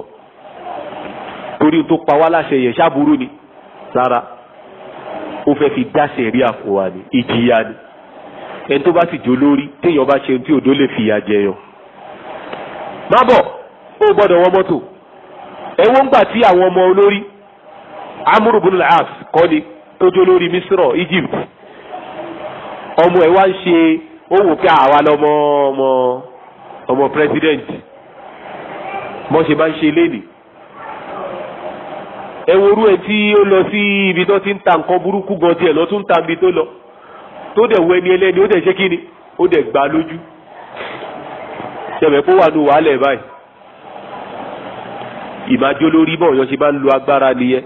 torí tó pa wá láṣẹ yẹn ṣáàbùrú ni rárá ó fẹ́ fi dáṣẹ rí àfọwà ni ìjìyà ni ẹni tó bá sì jó lórí téèyàn bá ṣe tí òdó lè fìyà jẹyàn má bọ̀ ó gbọ́dọ̀ wọ mọ́tò ẹ̀wọ́n ń gbà tí àwọn ọmọ olórí amúrù bin al-as kọ́ ni lórí misrọ egypt ọmọ ẹ̀ wá ń ṣe owó pé àwa lọ́mọ ọmọ ọmọ president mọ́ ṣe bá ń ṣe lénìí ẹ worú ẹ tí ó lọ sí ibi tó ti ń ta nǹkan burúkú gan tiẹ̀ lọ tún ń ta ibi tó lọ tó dẹ̀ wọ ẹni ẹlẹ́ni ó dẹ̀ ṣe kí ni ó dẹ̀ gbà lójú ṣẹ̀mẹ̀ wà nù wàhálẹ̀ báyìí ìmájó lórí bọ̀ ṣe bá ń lo agbára nìyẹn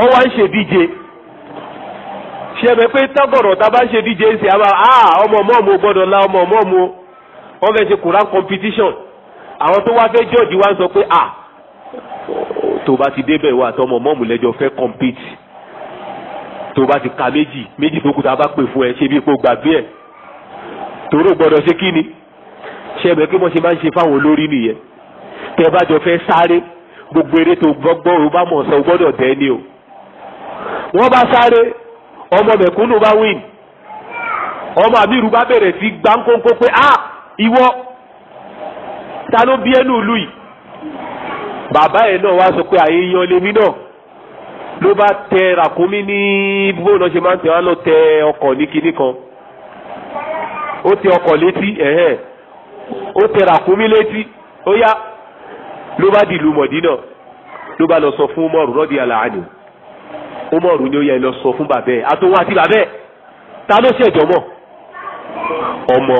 ọ wá ń ṣèdíje ṣẹ̀mẹ̀ pé tábọ̀rọ̀ tá a bá ń ṣèdíje ń ṣe àbá a ah, ọmọ mọ́ọ̀mù gbọ́dọ̀ la ọmọ mọ́ọ̀mù wọ́n fẹ́ ṣe Quran competition àwọn tó wá fẹ́ jọ́ọ̀jì wá ń sọ pé a ah, tó bá ti débẹ̀ wá àtọmọ mọ́ọ̀mù lẹ́jọ́ fẹ́ compete tó bá ti ka méjì méjì tó kù tá a bá pè fún ẹ ṣe bí ipò gbàgbé ẹ tòró gbọ́dọ̀ ṣe kí ni ṣe ẹbẹ kí wọn ṣe máa ń ṣe fáwọn olórí nìyẹn tẹ bá jọ fẹ́ sáré gbogbo eré tó gbọgbọ o bá mọ̀ ọ́ sọ gbọ́dọ̀ tẹ́ ni o wọ́n bá sáré ọmọ mẹ̀kúnnù bá win ọmọ àbírù bá bẹ̀rẹ̀ sí gbáǹkóńkó pé a ah, ìwọ ta ló bí ẹnu ìlú yìí bàbá ẹ̀ náà wá sọ pé àyè yan lèmi náà ló bá tẹ ràkúnmí ní bó lọ ṣe máa ń tẹ wá lọ tẹ ọkọ̀ ní kinní kan ó tẹ ọkọ̀ létí ẹ̀hẹ́n ó tẹ ràkúnmí létí ó yá ló bá dìlù mọ̀dínà ló bá lọ sọ fún mọ́rù rọ́dí àlàáni Umaru ni ó yẹ lọ sọ fún bàbá ẹ̀ àtòwọn àti bàbá ẹ̀ ta ló ṣẹ̀jọ́ mọ̀ ọmọ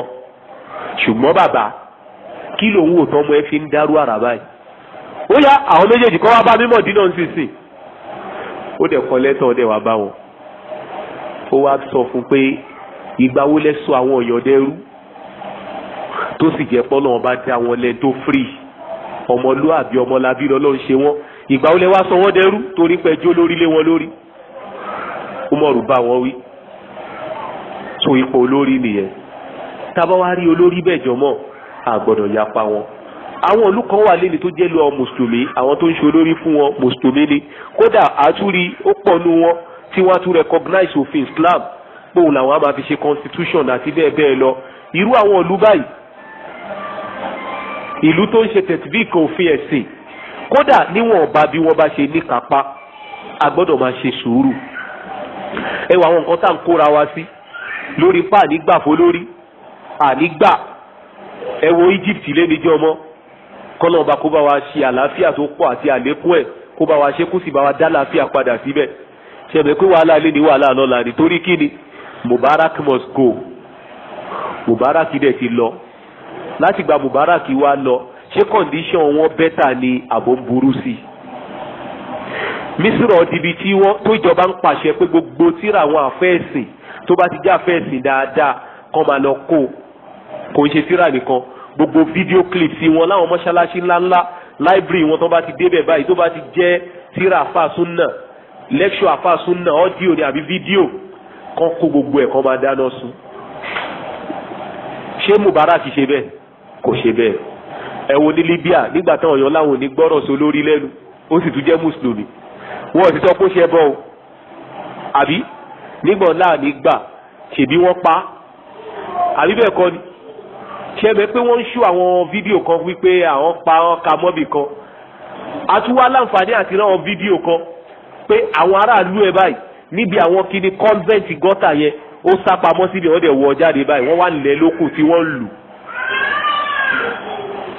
ṣùgbọ́n bàbá kí lòun ò tọ́mọ ẹ fi ń dárú àrà báyìí ó yá àwọn méjèèjì kọ́ wá bá mímọ̀ dínà ń sísìn ó dẹ̀ kọ́ lẹ́tọ̀ ọ̀dẹ̀ wá bá wọn ó wá sọ fún pé ìgbà wo àwọn èèyàn dẹrú tó sì jẹ́ pọ́nà ọba dá wọn lẹ tó firi ọmọlúàbí ọmọlábí lọ́lọ́ ṣe wọ́n ìgbà wo wá sọ wọ́n dẹrú torí pẹjọ́ lórí lé wọn lórí umaru bá wọn wí so ipò olórí nìyẹn tábà wá rí olórí bẹ́ẹ̀ jọmọ́ àgbọ̀dọ̀ yapa wọn àwọn ìlú kan wà lẹ́ni tó jẹ́ lọ mùsùlùmí àwọn tó ń ṣe olórí fún wọn mùsùlùmí ni kódà àtúrí ó pọ̀ nu wọn tí wọ́n á tún recognize òfin Islam bóun làwọn á máa fi ṣe constitution àti bẹ́ẹ̀ bẹ́ẹ̀ lọ irú àwọn ìlú báyìí ìlú tó ń ṣe tẹ̀tìbíkì òfin ẹ̀sìn kódà níwọ̀n ọba bí wọ́n bá ṣe níkapá a gbọ́dọ̀ máa ṣe sùúrù ẹ wọ àwọn nǹkan tá à ń kóra wa sí lórí pa ànígbà fólórí ànígbà ẹ wo Egypt lẹ́nijọ́ ọmọ kọ́nà ọba kó bá wa ṣe àlàáfíà tó pọ̀ àti àlékún ẹ̀ kó bá wa ṣe kó sì bá wa dá àlàáfíà padà síbẹ̀ ṣẹ̀mẹ̀ pé wàhálà ilé ni wàhálà lọ́la ni torí kí ni Mubarak must go Mubarak dẹ̀ ti lọ láti gba Mubarak wa lọ ṣé condition wọn bẹ́tà ni àbò ń burú sí i mísírọ̀ dibi tí wọ́n tó ìjọba ń pàṣẹ pé gbogbo tíra àwọn àfẹ́ẹ̀sìn tó bá ti jẹ́ àfẹ́ẹ̀sìn dáadáa kọ́ máa lọ kó kò ń ṣe tíra nìkan gbogbo fídíò clips wọn láwọn mọ́ṣáláṣí ńláńlá láìbírì wọn tó bá ti débẹ̀ báyìí tó bá ti jẹ́ tíra àfàsún náà lẹ́kṣọ̀ àfàsún náà ọ́díò ni àbí fídíò kan kó gbogbo ẹ̀ kan máa dáná sun ṣé Mubarak ṣe bẹ́ẹ̀ kò ṣe bẹ́ẹ̀ ẹ wo ní Libya nígbà táwọn èèyàn láwọn ò ní gbọ́rọ̀ sólórí lẹ́nu ó sì tún jẹ́ mùsùlùmí wọn ò sì sọ pé ó ṣe bọ́ o àbí nígbà náà nígbà ṣèbí wọ́n pa àbí bẹ́ẹ̀ kọ́ ni ṣe bẹ́ẹ̀ pé wọ́n ń ṣú àwọn fídíò kan wípé àwọn pa wọn ka mọ́bì kan àtúwá láǹfààní àti rán wọn fídíò kan pé àwọn aráàlú ẹ báyìí níbi àwọn kìíní kọ́nvẹ́ǹtì gọ́tà yẹn ó sá pamọ́ síbi wọ́n dẹ̀ wọ jáde báyìí wọ́n wà nílẹ̀ lókù tí wọ́n lù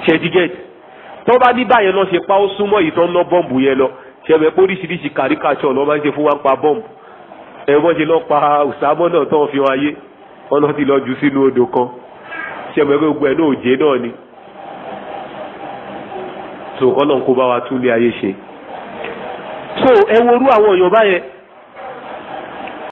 ṣẹ́dígẹ́tì tó bá ní báyẹn lọ ṣe pa ó súnmọ́ ìtàn ná bọ́ǹbù yẹn lọ ṣẹ̀mẹ̀ pé oríṣiríṣi kàríkàṣọ̀ lọ́ máa ń ṣe fún wa ń pa bọ́ǹbù ẹ̀rọ ṣe lọ́ pa ọ̀sàmọ́ náà tó ń fi wọn ayé ọ̀nà ti lọ jù sínú odò kan ṣẹ̀mẹ̀ pé gbogbo ẹ̀ náà òjé náà ni. so ọlọ́run kó bá wa tún lé ayé ṣe. so ẹ worú àwọn èèyàn báyẹn